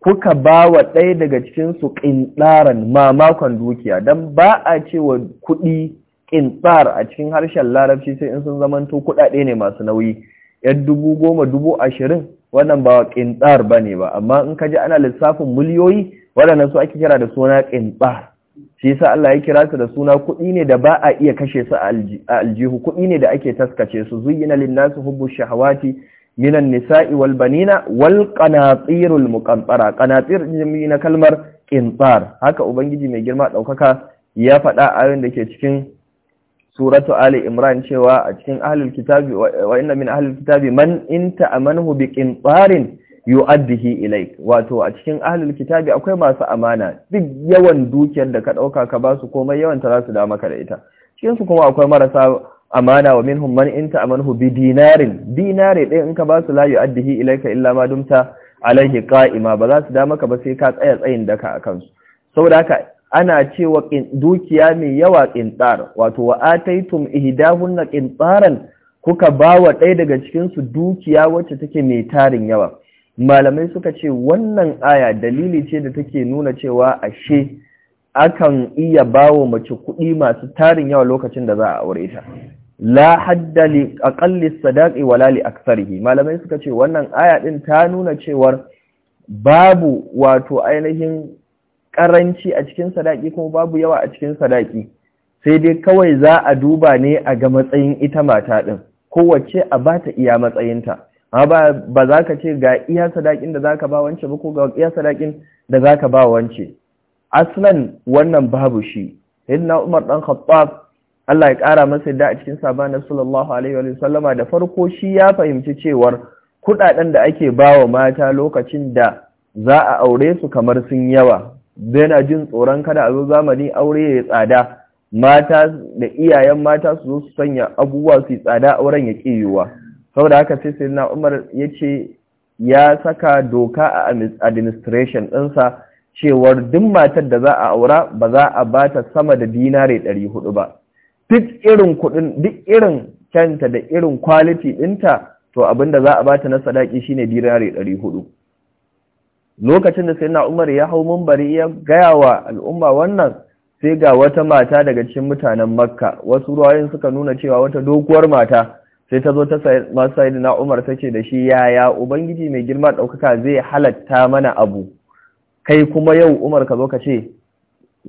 kuka ba wa ɗaya daga cikin su qintaran mamakon dukiya dan ba a ce wa kuɗi qintar a cikin harshen larabci sai in sun zamanto kuɗaɗe ne masu nauyi yar dubu goma dubu ashirin wannan ba ƙintsar ba ne ba amma in ka ji ana lissafin miliyoyi waɗannan su ake kira da suna ƙintsar shi sa Allah ya kira su da suna kuɗi ne da ba a iya kashe su a aljihu kuɗi ne da ake taskace su zuyyina linnasu hubbu shahawati minan nisa'i wal banina wal qanatirul muqantara qanatir na kalmar qintar haka ubangiji mai girma ɗaukaka ya faɗa ayoyin da ke cikin suratu ali imran cewa a cikin ahlul kitabi wa inna min ahlul kitabi man in ta'amanhu bi qintarin yu'addihi ilayk wato a cikin ahlul kitabi akwai masu amana duk yawan dukiyar da ka dauka ka ba su komai yawan ta za su da maka da ita cikin su kuma akwai marasa amana wa minhum man in ta'amanhu bi dinarin dinare dai in ka ba su la yu'addihi ilayka illa ma dumta alaihi qa'ima ba za su da maka ba sai ka tsaya tsayin daka akan su saboda haka ana cewa dukiya mai yawa tsar, wato wa ataitum ihdahunna qintaran kuka ba wa ɗaya daga cikin su dukiya wacce take mai tarin yawa malamai suka ce wannan aya dalili ce da take nuna cewa ashe akan iya bawo mace kuɗi masu tarin yawa lokacin da za a aure ta la hadda li aqalli sadaqi wala li aktharihi malamai suka ce wannan aya din ta nuna cewa babu wato ainihin karanci a cikin sadaki kuma babu yawa a cikin sadaki sai dai kawai za a duba ne a ga matsayin ita mata ɗin, kowace a ba ta iya matsayinta amma ba za ka ce ga iya sadakin da za ka ba wance ba ko ga iya sadakin da za ka ba wance aslan wannan babu shi Hidna Umar dan Khattab Allah ya kara masa yadda a cikin sabanin sallallahu alaihi wa sallama da farko shi ya fahimci cewar kudaden da ake ba wa mata lokacin da za a aure su kamar sun yawa yana jin tsoron kada a zo zamani aure ya tsada mata da iyayen mata su zo su sanya abubuwa su tsada auren ya Sau saboda haka sai sai na umar ya ce ya saka doka a administration ɗinsa cewar duk matar da za a aura ba za a ba ta sama da dinare 400 ba duk irin kudin duk irin kyanta da irin kwaliti ɗinta to abinda za a ba ta na sadaki shine dinare 400 lokacin da sai na Umar ya hau mumbari ya gaya wa al'umma wannan sai ga wata mata daga cikin mutanen Makka wasu ruwayoyin suka nuna cewa wata doguwar mata sai ta zo ta masu na Umar tace da shi yaya ubangiji mai girma ɗaukaka, zai halatta mana abu kai kuma yau Umar ka zo ka ce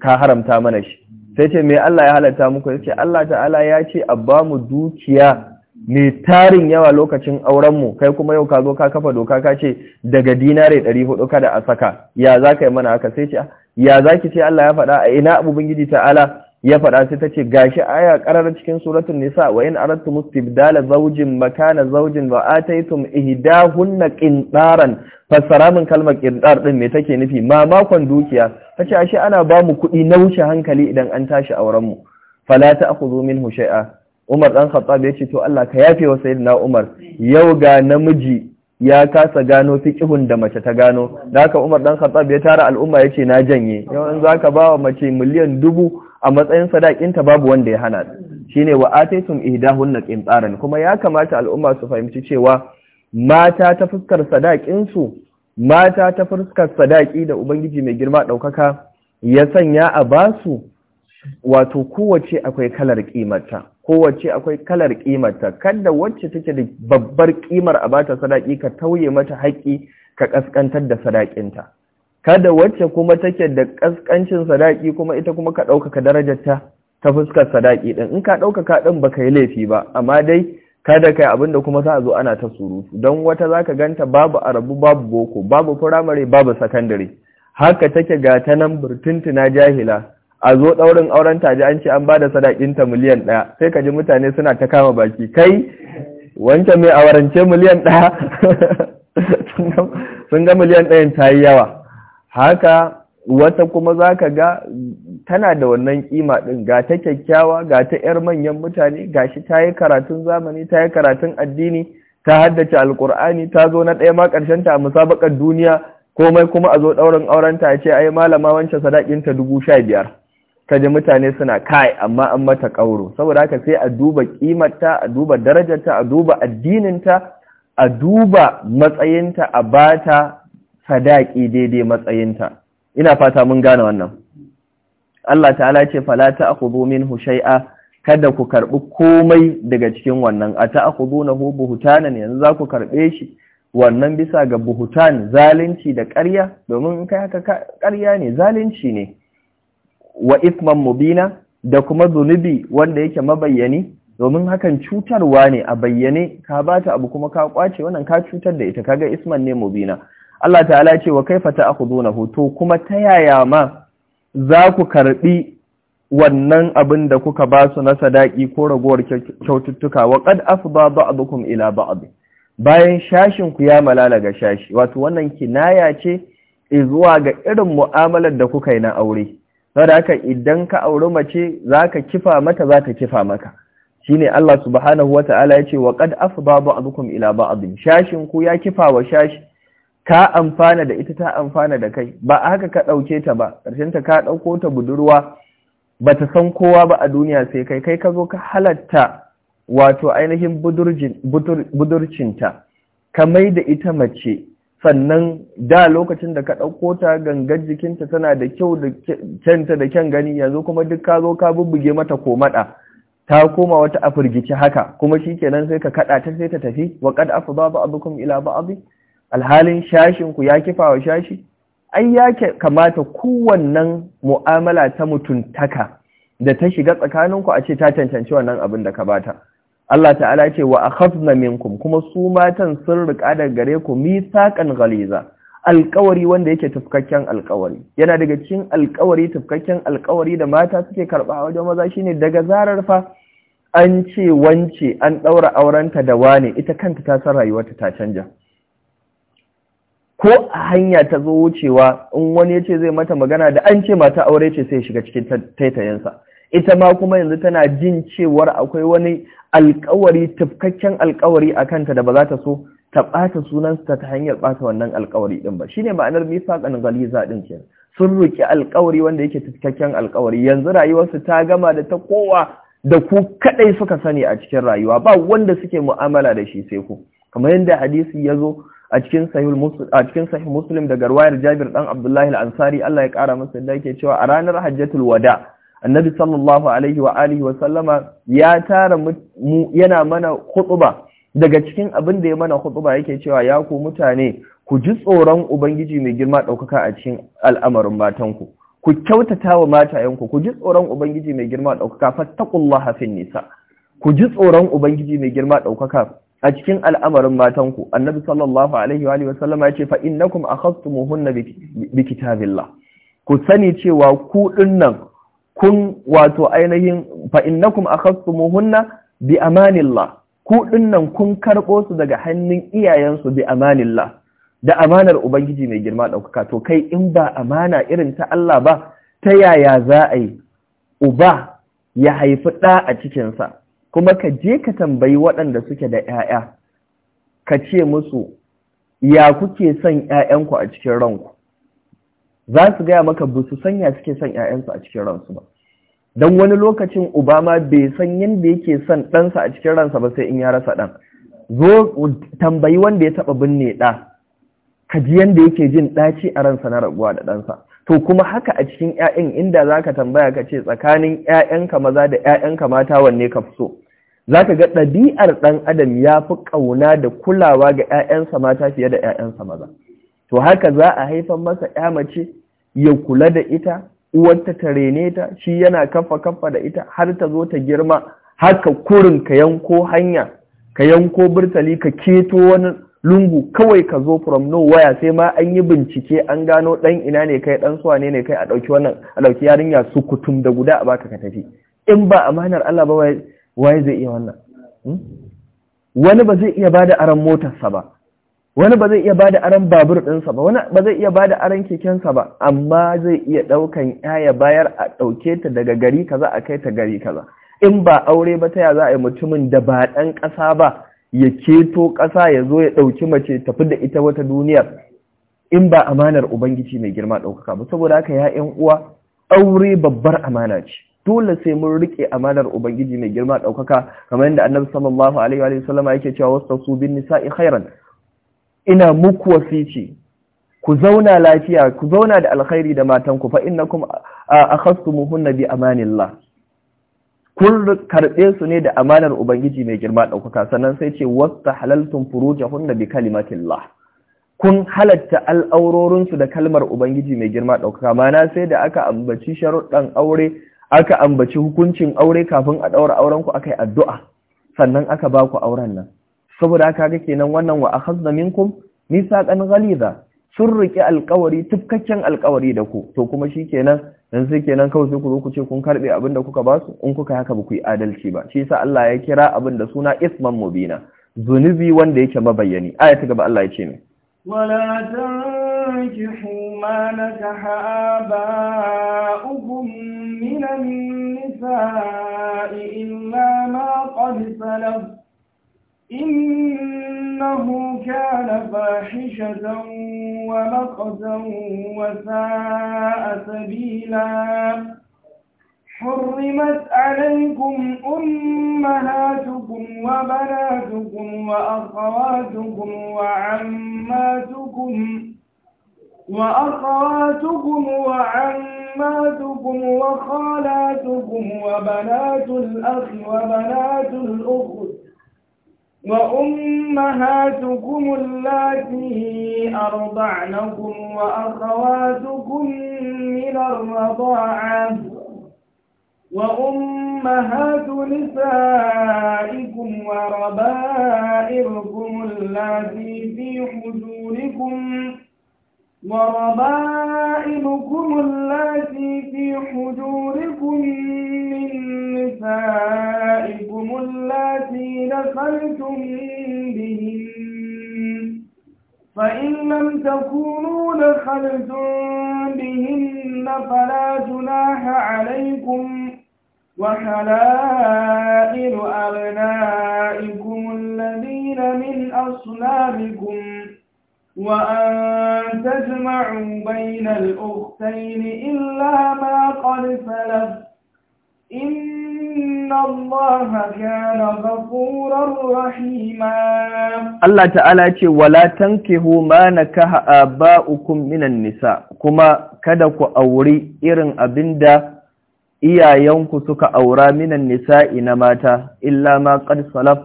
ka haramta mana shi sai ce mai Allah ya halatta muku ya ce Allah ta'ala ya ce a bamu dukiya mai tarin yawa lokacin aurenmu kai kuma yau ka zo ka kafa doka ka ce daga dinare hudu kada a saka ya za ka yi mana haka sai ce ah, ya za ki ce Allah ya faɗa a ina ubangiji ta'ala ya faɗa sai ta ce gashi aya ƙarar cikin suratun nisa wa in aradtum istibdala zaujin makana zaujin wa ataytum ihdahunna qintaran fassara min kalmar qintar ɗin me take nufi Mamakon makon dukiya tace ashe ana bamu kuɗi na wuce hankali idan an tashi auren mu fala ta'khudhu minhu shay'a Umar Ɗan Khattab ya ce to Allah ka yafe wa sayyidina Umar yau ga namiji ya kasa gano fiqhun da mace ta gano da haka Umar Ɗan Khattab ya tara al'umma ya ce na janye yau an zaka ba wa mace miliyan dubu a matsayin sadakinta babu wanda ya hana shine wa ataytum ihdahunna qintaran kuma ya kamata al'umma su fahimci cewa mata ta fuskar sadakin su mata ta fuskar sadaki da ubangiji mai girma daukaka ya sanya a basu wato kowace akwai kalar kimarta kowace akwai kalar ta, kada wacce take da babbar ƙimar a bata sadaki ka tauye mata haƙƙi ka ƙasƙantar da sadakinta kada wacce kuma take da ƙaskancin sadaki kuma ita kuma ka ɗaukaka darajar ta fuskar sadaki ɗin in ka ɗaukaka ɗin ba ka yi laifi ba amma dai kada kai abin da kuma za a zo ana ta surutu don wata zaka ganta babu arabu babu boko babu firamare babu sakandare haka take ga ta nan burtuntuna jahila a zo ɗaurin auren taji an ce an ba da sadakinta miliyan ɗaya sai ka ji mutane suna ta kama baki kai wanke mai awarance miliyan ɗaya sun ga miliyan ɗayan ta yi yawa haka wata kuma za ka ga tana da wannan kima ɗin ga ta kyakkyawa ga ta 'yar manyan mutane ga shi ta yi karatun zamani ta yi karatun addini ta haddace alkur'ani ta zo na ɗaya ma ta a musabakar duniya komai kuma a zo ɗaurin auren a ce ai malama wancan sadakinta dubu sha biyar ka ji mutane suna kai amma an mata kauro saboda haka sai a duba kimarta a duba darajarta a duba addininta a duba matsayinta a bata sadaki daidai matsayinta ina fata mun gane wannan Allah ta'ala ce fala ta'khudhu minhu shay'a kada ku karbi komai daga cikin wannan a hu buhutanan, yanzu za ku karbe shi wannan bisa ga buhutan zalunci da ƙarya domin in kai haka ƙarya ne zalunci ne wa isman mubina da kuma zunubi wanda yake mabayyani domin hakan cutarwa ne a bayyane ka bata abu kuma ka kwace wannan ka cutar da ita kaga isman ne mubina Allah ta'ala ce wa kaifa ta'khudunahu to kuma ta yaya ma za ku karbi wannan abin da kuka ba su na sadaki ko ragowar kyaututtuka wa qad afda ba'dukum ila ba'd bayan shashin ku ya malala ga shashi wato wannan kinaya ce zuwa ga irin mu'amalar da kuka yi na aure saboda haka idan ka auri mace za ka kifa mata za ta kifa maka shine Allah subhanahu wa ta'ala ya ce wa qad afda ba'dukum ila abin. shashin ku ya kifa wa shashi ka amfana da ita ta amfana da kai ba a haka ka ɗauke ta ba ƙarshen ta ka ɗauko ta budurwa bata san kowa ba a duniya sai kai kai ka zo ka halatta wato ainihin budurcinta ka mai da ita mace sannan da lokacin da ka ɗauko ta gangar jikinta tana da kyau da kyanta da kyan gani yanzu kuma duk ka zo ka bubbuge mata ko maɗa ta koma wata a firgici haka kuma shi kenan sai ka kaɗa ta sai ta tafi wa qad afdha ba'dukum ila ba'd alhalin shashin ku ya kifawa wa shashi ai ya kamata kowannan mu'amala ta mutuntaka da ta shiga tsakaninku a ce ta cancanci wannan abin da ka bata Allah ta'ala ce wa akhadna minkum kuma su matan sun rika daga gare ku misaqan ghaliza alƙawari wanda yake tufkakken alƙawari yana daga cikin alƙawari tufkakken alƙawari da mata suke karɓa wajen maza shine daga zarar fa an ce wance an ɗaura aurenta da wane ita kanta ta san rayuwarta ta canja ko a hanya ta zo wucewa in wani ya ce zai mata magana da an ce mata aure ce sai shiga cikin taitayensa ita ma kuma yanzu tana jin cewar akwai wani alkawari tafkakken alkawari a kanta da ba za ta so ta ɓata sunansa ta hanyar ɓata wannan alkawari ɗin ba shine ma'anar misaƙan galiza ɗin ke sun roƙi alkawari wanda yake tafkakken alkawari yanzu rayuwarsu ta gama da ta kowa da ku kaɗai suka sani a cikin rayuwa ba wanda suke mu'amala da shi sai ku kamar yadda hadisi ya zo a cikin sahih muslim daga ruwayar jabir ɗan abdullahi al-ansari Allah ya kara masa da yake cewa a ranar hajjatul wada annabi sallallahu alaihi wa alihi wa sallama ya tara mu yana mana hutuba daga cikin abin da ya mana hutuba yake cewa ya ku mutane ku ji tsoron ubangiji mai girma ɗaukaka a cikin al'amarin matanku ku kyautata wa matayenku ku ji tsoron ubangiji mai girma ɗaukaka fattaqullaha fin nisa ku ji tsoron ubangiji mai girma ɗaukaka a cikin al'amarin matanku annabi sallallahu alaihi wa sallama ya ce fa innakum akhadtumuhunna bi kitabillah ku sani cewa ku dinnan kun wato ainihin fa innakum akhastumuhunna bi amanillah ku dinnan kun karɓo su daga hannun iyayensu bi amanillah da amanar ubangiji mai girma ɗaukaka to kai in ba amana irin ta Allah ba ta yaya za a yi uba ya haifi ɗa a cikinsa kuma ka je ka tambayi waɗanda suke da 'ya'ya ka ce musu ya kuke son 'ya'yanku a cikin ranku za su gaya maka ba su sanya suke son 'ya'yansu a cikin ransu ba don wani lokacin obama bai san yadda yake son ɗansa a cikin ransa ba sai in ya rasa ɗan zo tambayi wanda ya taɓa binne ɗa ka ji yadda yake jin ɗaci a ransa na raguwa da ɗansa to kuma haka a cikin 'ya'yan inda za ka tambaya ka ce tsakanin 'ya'yanka maza da 'ya'yanka mata wanne ka fi so za ka ga ɗabi'ar ɗan adam ya fi ƙauna da kulawa ga 'ya'yansa mata fiye da 'ya'yansa maza to haka za a haifan masa ya mace ya kula da ita uwarta ta rene ta shi yana kafa kafa da ita har ta zo ta girma haka kurin ka yanko hanya ka yanko birtali, ka keto wani lungu kawai ka zo from waya. sai ma an yi bincike an gano dan ina ne kai dan suwa ne kai a dauki wannan a dauki yarinya su kutum da guda a baka ka tafi in ba amanar Allah ba waye zai iya wannan hmm? wani ba zai iya bada aran motarsa ba wani ba zai iya ba da aron babur ɗinsa ba wani ba zai iya ba da aron kekensa ba amma zai iya ɗaukan yaya bayar a ɗauke ta daga gari kaza a kai ta gari kaza in ba aure ba ta ya za a yi mutumin da ba ɗan ƙasa ba ya keto ƙasa ya zo ya ɗauki mace tafi da ita wata duniyar in ba amanar ubangiji mai girma ɗaukaka ba saboda haka ya ƴan uwa aure babbar amana ce dole sai mun rike amanar ubangiji mai girma ɗaukaka kamar yadda annabi sallallahu alaihi wa sallama yake cewa wasu bin nisa'i khairan ina muku wasici ku zauna lafiya ku zauna da alkhairi da matanku fa innakum akhastumuhunna bi amanillah kun karbe su ne da amanar ubangiji mai girma daukaka sannan sai ce wasta halaltum furujahunna bi kalimatillah kun halatta al'aurorin su da kalmar ubangiji mai girma daukaka mana sai da aka ambaci sharuɗan aure aka ambaci hukuncin aure kafin a daura aurenku ku akai addu'a sannan aka ba ku auren nan saboda haka ga kenan wannan wa akhadna minkum misaqan ghaliza sun riƙe alƙawari tufkakken alƙawari da ku to kuma shikenan dan sai kenan kawai sai ku zo ku ce kun karbe abin da kuka basu in kuka haka ba ku yi adalci ba shi yasa Allah ya kira abin da suna isman mubina zunubi wanda yake mabayyani aya ta gaba Allah ya ce ne wala tankihu ma nakaha aba'ukum min an-nisa'i illa ma qad salaf إنه كان فاحشة ومقزا وساء سبيلا حرمت عليكم أمهاتكم وبناتكم وأخواتكم وعماتكم وأخواتكم وعماتكم وخالاتكم وبنات الأخ وبنات الأخت وأمهاتكم اللاتي أرضعنكم وأخواتكم من الرضاعة وأمهات نسائكم وربائركم اللاتي في حجوركم وربائلكم اللاتي في حجوركم أولئكم اللاتي دخلتم بهم فإن لم تكونوا دخلتم بهن فلا جناح عليكم وحلائل أبنائكم الذين من أصلابكم وأن تجمعوا بين الأختين إلا ما قد سلف Allah ta'ala ce wala tankihu ma nakaha aba'ukum minan nisa kuma kada ku auri irin abinda iyayenku suka aura minan Nisa ina mata illa ma qad salaf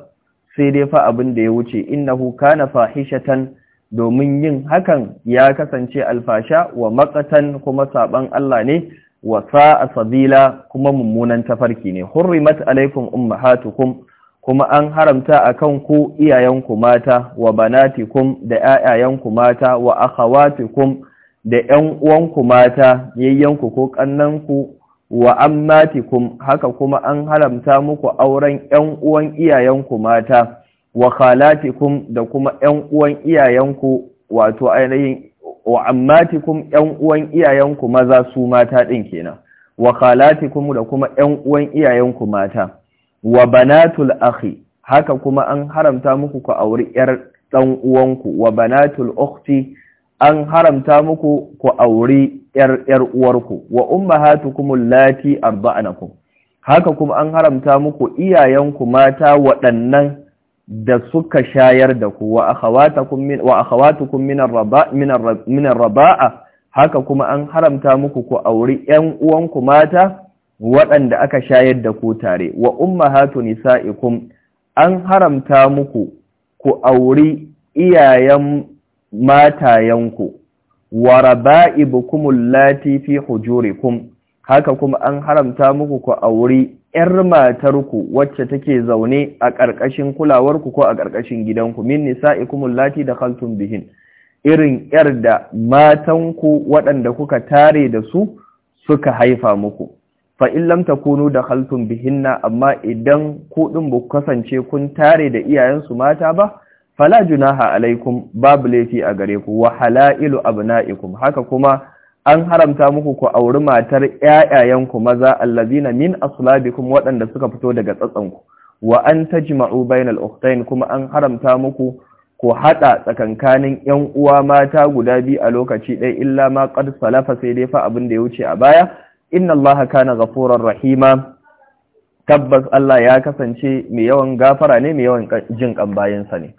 sai dai fa abin da ya wuce innahu kana fahishatan domin yin hakan ya kasance alfasha wa maqatan kuma saban Allah ne wa a sabila kuma mummunan tafarki ne hurrimat alaikum ummahatukum kuma an haramta a kan ku iyayenku mata wa banatikum da ƴaƴayenku mata wa akhawatikum da 'yan uwanku mata yayyanku ko kannanku wa ammatikum haka kuma an haramta muku auren 'yan uwan iyayenku mata wa khalatikum da kuma 'yan uwan iyayenku wato ainihin wa ammatikum ƴan uwan iyayenku maza su mata ɗin kenan wa khalatikum da kuma ƴan uwan iyayenku mata wa banatul akhi haka kuma an haramta muku ku auri ƴar dan uwanku wa banatul ukhti an haramta muku ku auri ƴar ƴar uwarku wa ummahatukum allati arda'anakum haka kuma an haramta muku iyayenku mata waɗannan da suka shayar da ku wa akhawatukum min wa rabaa haka kuma an haramta muku ku auri 'yan uwanku mata waɗanda aka shayar da ku tare wa ummahatu nisa'ikum an haramta muku ku auri iyayen matayenku wa raba'ibukum latifi fi hujurikum haka kuma an haramta muku ku auri ‘yar matarku wacce take zaune a ƙarƙashin kulawarku ko a ƙarƙashin gidanku, min nisa'ikumul lati da kaltun bihin, irin ‘yar da matanku waɗanda kuka tare da su suka haifa muku. Fa'in lamta kunu da kaltun bihinna, amma idan kuɗin ba kasance kun tare da iyayensu mata ba, fala junaha alaikum babu laifi a gare ku, wa hala'ilu abna'ikum, haka kuma an haramta muku ku auri matar ƴaƴayenku maza allazina min aslabikum waɗanda suka fito daga tsatsanku wa an tajma'u bainal ukhtayn kuma an haramta muku ku hada tsakankanin 'yan uwa mata guda biyu a lokaci ɗaya illa ma qad salafa sai dai fa abin da ya wuce a baya inna allaha kana ghafurar rahima tabbas Allah ya kasance mai yawan gafara ne mai yawan jin kan bayansa ne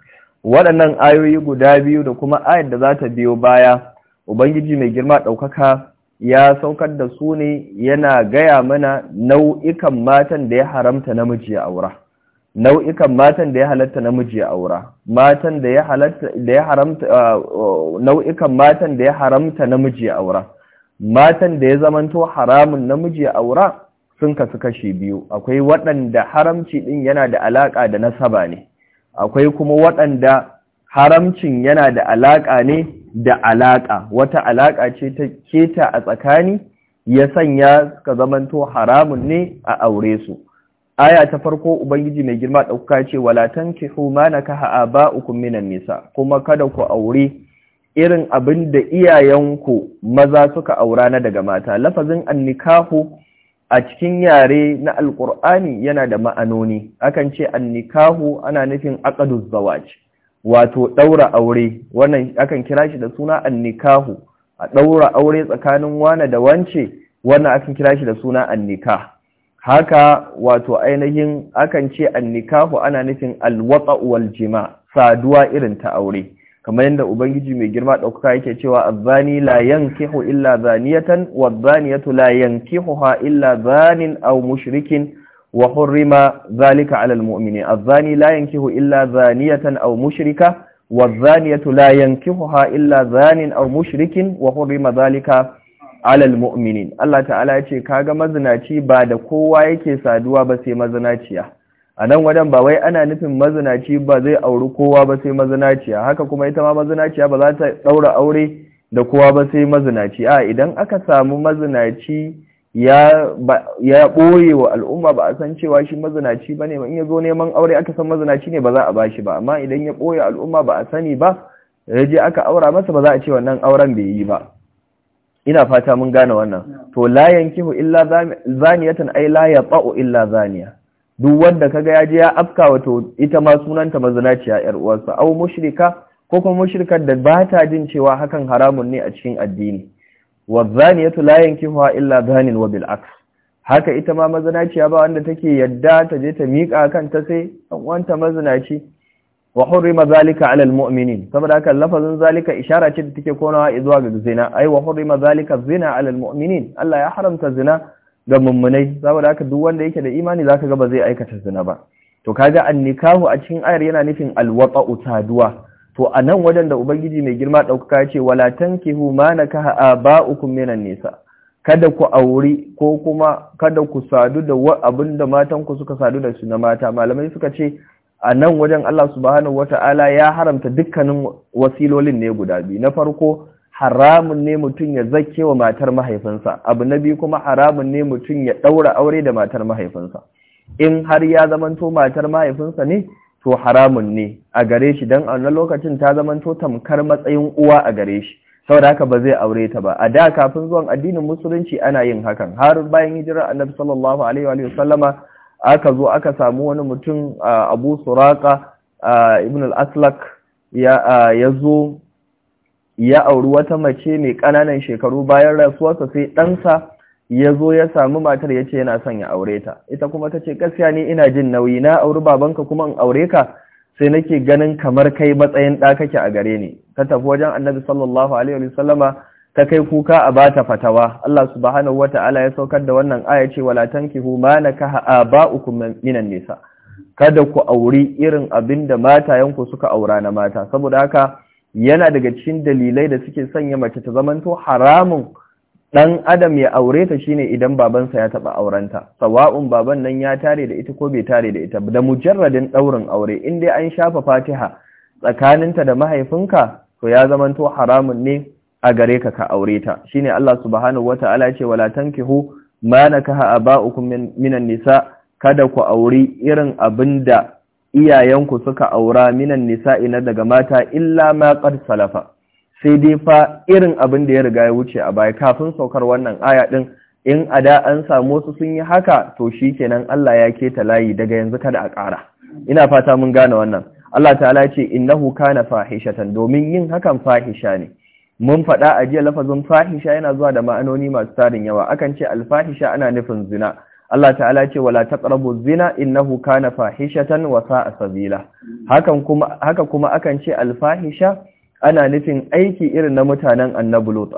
waɗannan ayoyi guda biyu da kuma ayar da za ta biyo baya ubangiji mai girma ɗaukaka ya saukar da su ne yana gaya mana nau'ikan matan da ya haramta namiji ya aura nau'ikan matan da ya halatta namiji ya aura matan da ya halatta da ya haramta ah, nau'ikan matan da ya haramta namiji ya aura matan da ya zamanto haramun namiji ya aura sun kasu kashi biyu akwai waɗanda haramci ɗin yana da alaƙa da nasaba ne akwai kuma waɗanda haramcin yana da alaƙa ne da alaƙa wata alaƙa ce ta keta a tsakani ya sanya suka zamanto haramun ne a aure su aya ta farko ubangiji mai girma ɗauka ce wala tankihu ma ka aba'ukum minan nisa kuma kada ku aure irin abin da iyayenku maza suka aura na daga mata lafazin annikahu a cikin yare na alƙur'ani yana da ma'anoni akan ce annikahu ana nufin Akadus Zawaci. wato ɗaura aure wannan akan kira shi da suna annikahu a ɗaura aure tsakanin wane da wance wannan akan kira shi da suna annika haka wato ainihin akan ce annikahu ana nufin alwatsa'uwal wal jima saduwa irin ta aure kamar yadda ubangiji mai girma ɗaukaka yake cewa azzani la yankihu illa zaniyatan wa zaniyatu la yankihuha illa zanin aw mushrikin wa hurrima zalika ala almu'mini az-zani la yankihu illa zaniyatan aw mushrika waz-zaniyatu la yankihuha illa zanin aw mushrikin wa hurrima zalika ala almu'minin Allah ta'ala ya ce kaga mazinaci ba da kowa yake saduwa ba sai mazinaciya anan nan wadan ba wai ana nufin mazinaci ba zai auri kowa ba sai mazinaciya haka kuma ita ma mazinaciya ba za ta daura aure da kowa ba sai mazinaci a idan aka samu mazinaci ya ɓoye wa al'umma ba a san cewa shi mazinaci ba ne in ya zo neman aure aka san mazinaci ne ba za a ba shi ba amma idan ya ɓoye al'umma ba a sani ba ya je aka aura masa ba za a ce wannan auren bai yi ba ina fata mun gane wannan to layan yankihu illa zaniyatan ai la ba'u illa zaniya duk wanda kaga ya je ya afka wato ita ma sunanta mazinaciya yar uwarsa au mushrika ko kuma mushrikar da ba ta jin cewa hakan haramun ne a cikin addini wa zaniyatu la yankihuha illa zanin wa haka ita ma mazinaciya ba wanda take yadda ta je ta mika kanta sai dan wanta mazinaci wa hurrima zalika ala almu'minin saboda haka lafazin zalika ishara ce da take konawa zuwa ga zina ai wa hurrima zalika zina ala almu'minin Allah ya haramta zina ga mummunai saboda haka duk wanda yake da imani zaka ga ba zai aikata zina ba to kaga annikahu a cikin ayar yana nufin alwata'u saduwa to a nan da ubangiji mai girma ɗaukaka ce wala tankihu ma ba aba'ukum minan nisa kada ku auri ko kuma kada ku sadu da abin da matanku suka sadu da su na mata malamai suka ce a nan wajen Allah subhanahu wata'ala ya haramta dukkanin wasilolin ne guda biyu na farko haramun ne mutum ya zake wa matar mahaifinsa abu na biyu kuma haramun ne mutum ya ɗaura aure da matar mahaifinsa in har ya zamanto matar mahaifinsa ne to haramun ne a gare shi don a wannan lokacin ta zamanto tamkar matsayin uwa a gare shi saboda haka ba zai aure ta ba a da kafin zuwan addinin musulunci ana yin hakan har bayan hijirar annabi sallallahu alaihi wa sallama aka zo aka samu wani mutum abu suraka ibn al-aslak ya zo ya auri wata mace mai kananan shekaru bayan rasuwarsa sai ɗansa ya zo ya sami matar ya ce yana son ya aure ta ita kuma ta ce gaskiya ni ina jin nauyi na auri babanka kuma in aure ka sai nake ganin kamar kai matsayin ɗa kake a gare ni ta tafi wajen annabi sallallahu alaihi wa sallama ta kai kuka a ba ta fatawa Allah subhanahu ta'ala ya saukar da wannan aya ce wala tankihu ma nakaha aba'ukum minan nisa kada ku auri irin abinda matayanku suka aura na mata saboda haka yana daga cikin dalilai da suke sanya mace ta zamanto haramun Ɗan adam ya aure ta shine idan babansa ya taba aurenta sawa'un baban nan ya tare da ita ko bai tare da ita da mujarradin ɗaurin aure in dai an shafa fatiha tsakaninta da mahaifinka to ya zamanto haramun ne a gare ka ka aure ta shine Allah subhanahu wataala ce wala tankihu ma nakaha aba'ukum minan nisa kada ku aure irin abinda iyayenku suka aura minan nisa ina daga mata illa ma qad salafa sai dai fa irin abin da ya riga ya wuce a baya kafin saukar wannan aya din in a da an samu wasu sun yi haka to shi kenan Allah ya keta layi daga yanzu kada a ƙara ina fata mun gane wannan Allah ta'ala ce innahu kana fahishatan domin yin hakan fahisha ne mun faɗa a jiya lafazin fahisha yana zuwa da ma'anoni masu tarin yawa akan ce alfahisha ana nufin zina Allah ta'ala ce wala taqrabu zina innahu kana fahishatan wa sa'a sabila haka kuma akan ce alfahisha ana nufin aiki irin na mutanen annabi lut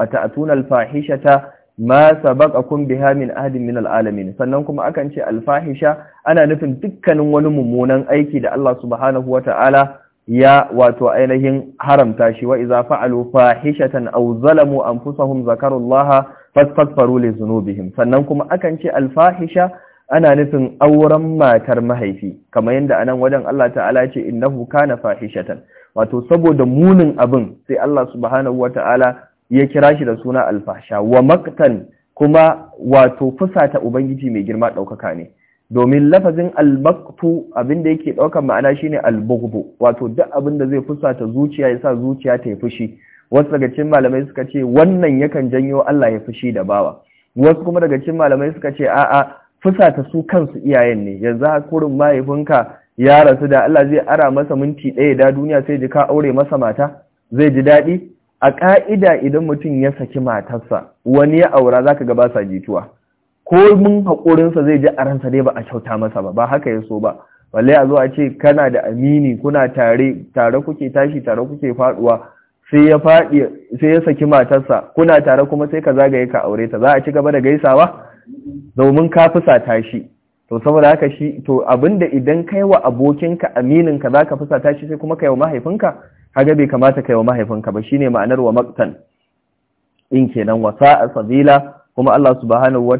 fahishata ma sabaqakum biha min ahadin min al-alamin sannan kuma akan ce alfahisha ana nufin dukkanin wani mummunan aiki da Allah subhanahu wata'ala ya wato ainihin haramta shi wa idza fa'alu fahishatan aw zalamu anfusahum zakarullaha fastaghfiru li dhunubihim sannan kuma akan ce alfahisha. ana nufin auren matar mahaifi kamar yadda anan wajen Allah ta'ala ce innahu kana fahishatan wato saboda munin abin sai Allah subhanahu wata'ala ya kira shi da suna alfasha. wa maktan kuma wato fusata ubangiji mai girma daukaka ne domin lafazin albaktu abinda yake daukar ma'ana shine albugbu wato duk abin da zai fusata zuciya yasa zuciya ta fushi wasu daga cikin malamai suka ce wannan yakan janyo Allah ya fushi da bawa wasu kuma daga cikin malamai suka ce a'a fusata su kansu iyayen ne yanzu har mahaifinka ya rasu da Allah zai ara masa minti ɗaya da duniya sai ji aure masa mata zai ji daɗi a ƙa'ida idan mutum ya saki matarsa wani ya aura za ka gaba sa jituwa ko mun haƙurinsa zai ji a ransa dai ba a kyauta masa ba ba haka ya so ba balle a zo a ce kana da amini kuna tare tare kuke tashi tare kuke faɗuwa? sai ya faɗi sai ya saki matarsa kuna tare kuma sai ka zagaye ka aure ta za a ci gaba da gaisawa domin ka fusata tashi, to saboda haka shi to abinda idan kai wa abokinka amininka za ka fusata shi sai kuma kai wa mahaifinka haga bai kamata kai wa mahaifinka ba shine ma'anar wa maktan in kenan wa sa'a sabila kuma Allah subhanahu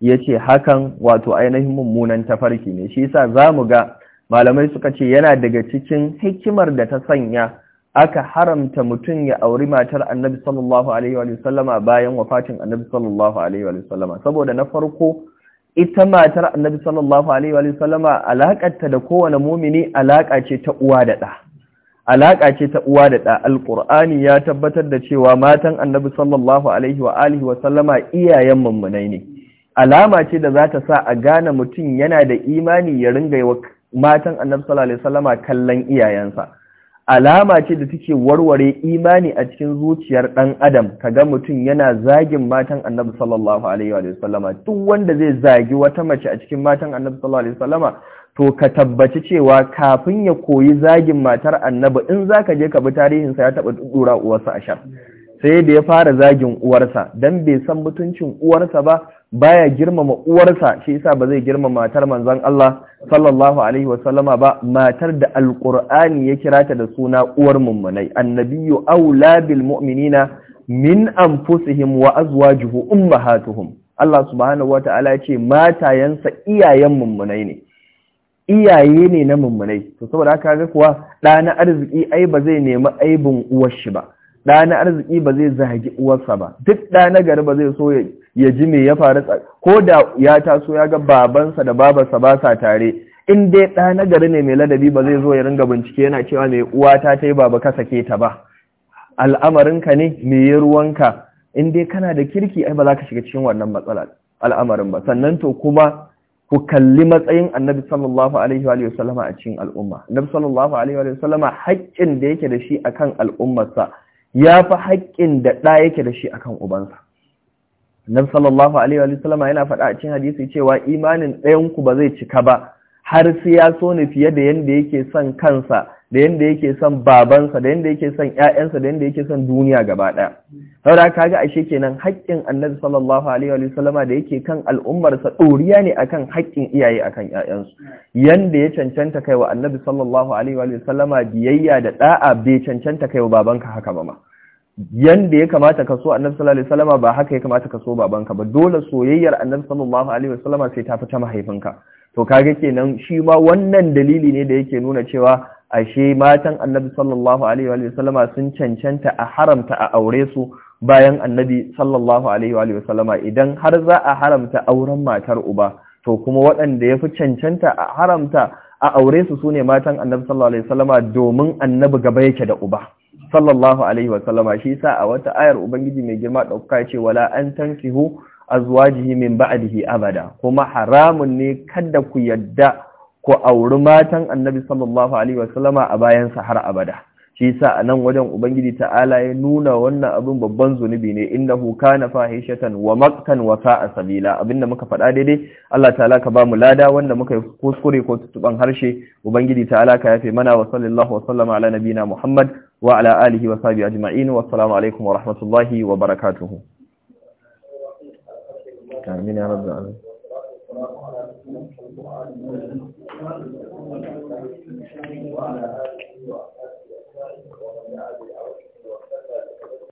ya ce hakan wato ainihin mummunan tafarki ne shi yasa zamu ga malamai suka ce yana daga cikin hikimar da ta sanya aka haramta mutum ya auri matar annabi sallallahu alaihi wa sallama bayan wafatin annabi sallallahu alaihi wa sallama saboda na farko ita matar annabi sallallahu alaihi wa sallama alaƙarta da kowane mumini alaƙa ce ta uwa da ɗa alaƙa ce ta uwa da ɗa alƙur'ani ya tabbatar da cewa matan annabi sallallahu alaihi wa alihi wa sallama iyayen mummunai ne alama ce da za ta sa a gane mutum yana da imani ya ringa yi wa matan annabi sallallahu alaihi wa sallama kallon iyayensa alama ce da take warware imani a cikin zuciyar ɗan adam ka ga mutum yana zagin matan annabi sallallahu alaihi wa sallama duk wanda zai zagi wata mace a cikin matan annabi sallallahu alaihi wa sallama to ka tabbaci cewa kafin ya koyi zagin matar annabi in zaka je ka bi tarihin sa ya taba dura uwarsa a sai da ya fara zagin uwarsa dan bai san mutuncin uwarsa ba baya girmama uwarsa shi yasa ba zai girmama matar manzon Allah sallallahu alaihi wasallama ba matar da alqur'ani ya kira ta da suna uwar mummunai annabiyyu aula bil mu'minina min anfusihim wa azwajuhum ummahatuhum Allah subhanahu wata'ala ya ce matayensa iyayen mummunai ne iyaye ne na mummunai to saboda haka ga kuwa da na arziki ai ba zai nemi aibin uwar shi ba da na arziki ba zai zagi uwarsa ba duk da na gari ba zai so ya ya ji me ya faru ko da ya taso ya ga babansa da babarsa ba sa tare in dai ɗa na gari ne mai ladabi ba zai zo ya ringa bincike yana cewa mai uwa ta yi baba ka sake ta ba ka ne me yi ruwanka in dai kana da kirki ai ba za ka shiga cikin wannan matsala al'amarin ba sannan to kuma ku kalli matsayin annabi sallallahu alaihi wa sallama a cikin al'umma annabi sallallahu alaihi wa sallama haƙƙin da yake da shi akan al'ummarsa ya fi haƙƙin da ɗa yake da shi akan ubansa annabi sallallahu alaihi wa sallama yana faɗa a cikin hadisi cewa imanin ɗayan ba zai cika ba har sai ya so ne fiye da yanda yake son kansa da yanda yake son babansa da yanda yake son ƴaƴansa da yanda yake son duniya gaba ɗaya saboda kaga ashe kenan haƙƙin annabi sallallahu alaihi wa sallama da yake kan al'ummarsa ɗoriya ne akan haƙƙin iyaye akan ƴaƴansu yanda ya cancanta kaiwa annabi sallallahu alaihi wa sallama biyayya da ɗa'a bai cancanta kaiwa babanka haka ba ma yanda ya kamata ka so annabi sallallahu alaihi wasallama ba haka ya kamata ka so babanka ba dole soyayyar annabi sallallahu alaihi wasallama sai ta fita mahaifinka to kaga kenan shi ma wannan dalili ne da yake nuna cewa ashe matan annabi sallallahu alaihi wasallama sun cancanta a haramta a aure su bayan annabi sallallahu alaihi wasallama idan har za a haramta auren matar uba to kuma waɗanda ya fi cancanta a haramta a aure su sune matan annabi sallallahu alaihi wasallama domin annabi gaba yake da uba sallallahu alaihi wa sallama shi yasa a wata ayar ubangiji mai girma dauka ce wala an tankihu azwajihi min ba'dihi abada kuma haramun ne kada ku yadda ku auri matan annabi sallallahu alaihi wa sallama a bayan sa har abada shi yasa a nan wajen ubangiji ta'ala ya nuna wannan abin babban zunubi ne innahu kana fahishatan wa maqtan wa sa'a sabila abinda muka faɗa daidai Allah ta'ala ka bamu lada wanda muka yi kuskure ko tutuban harshe ubangiji ta'ala ka yafe mana wa sallallahu wa sallama ala nabina muhammad wa ala alihi wa sahbihi ajma'in wa assalamu alaikum wa rahmatullahi wa barakatuhu. amin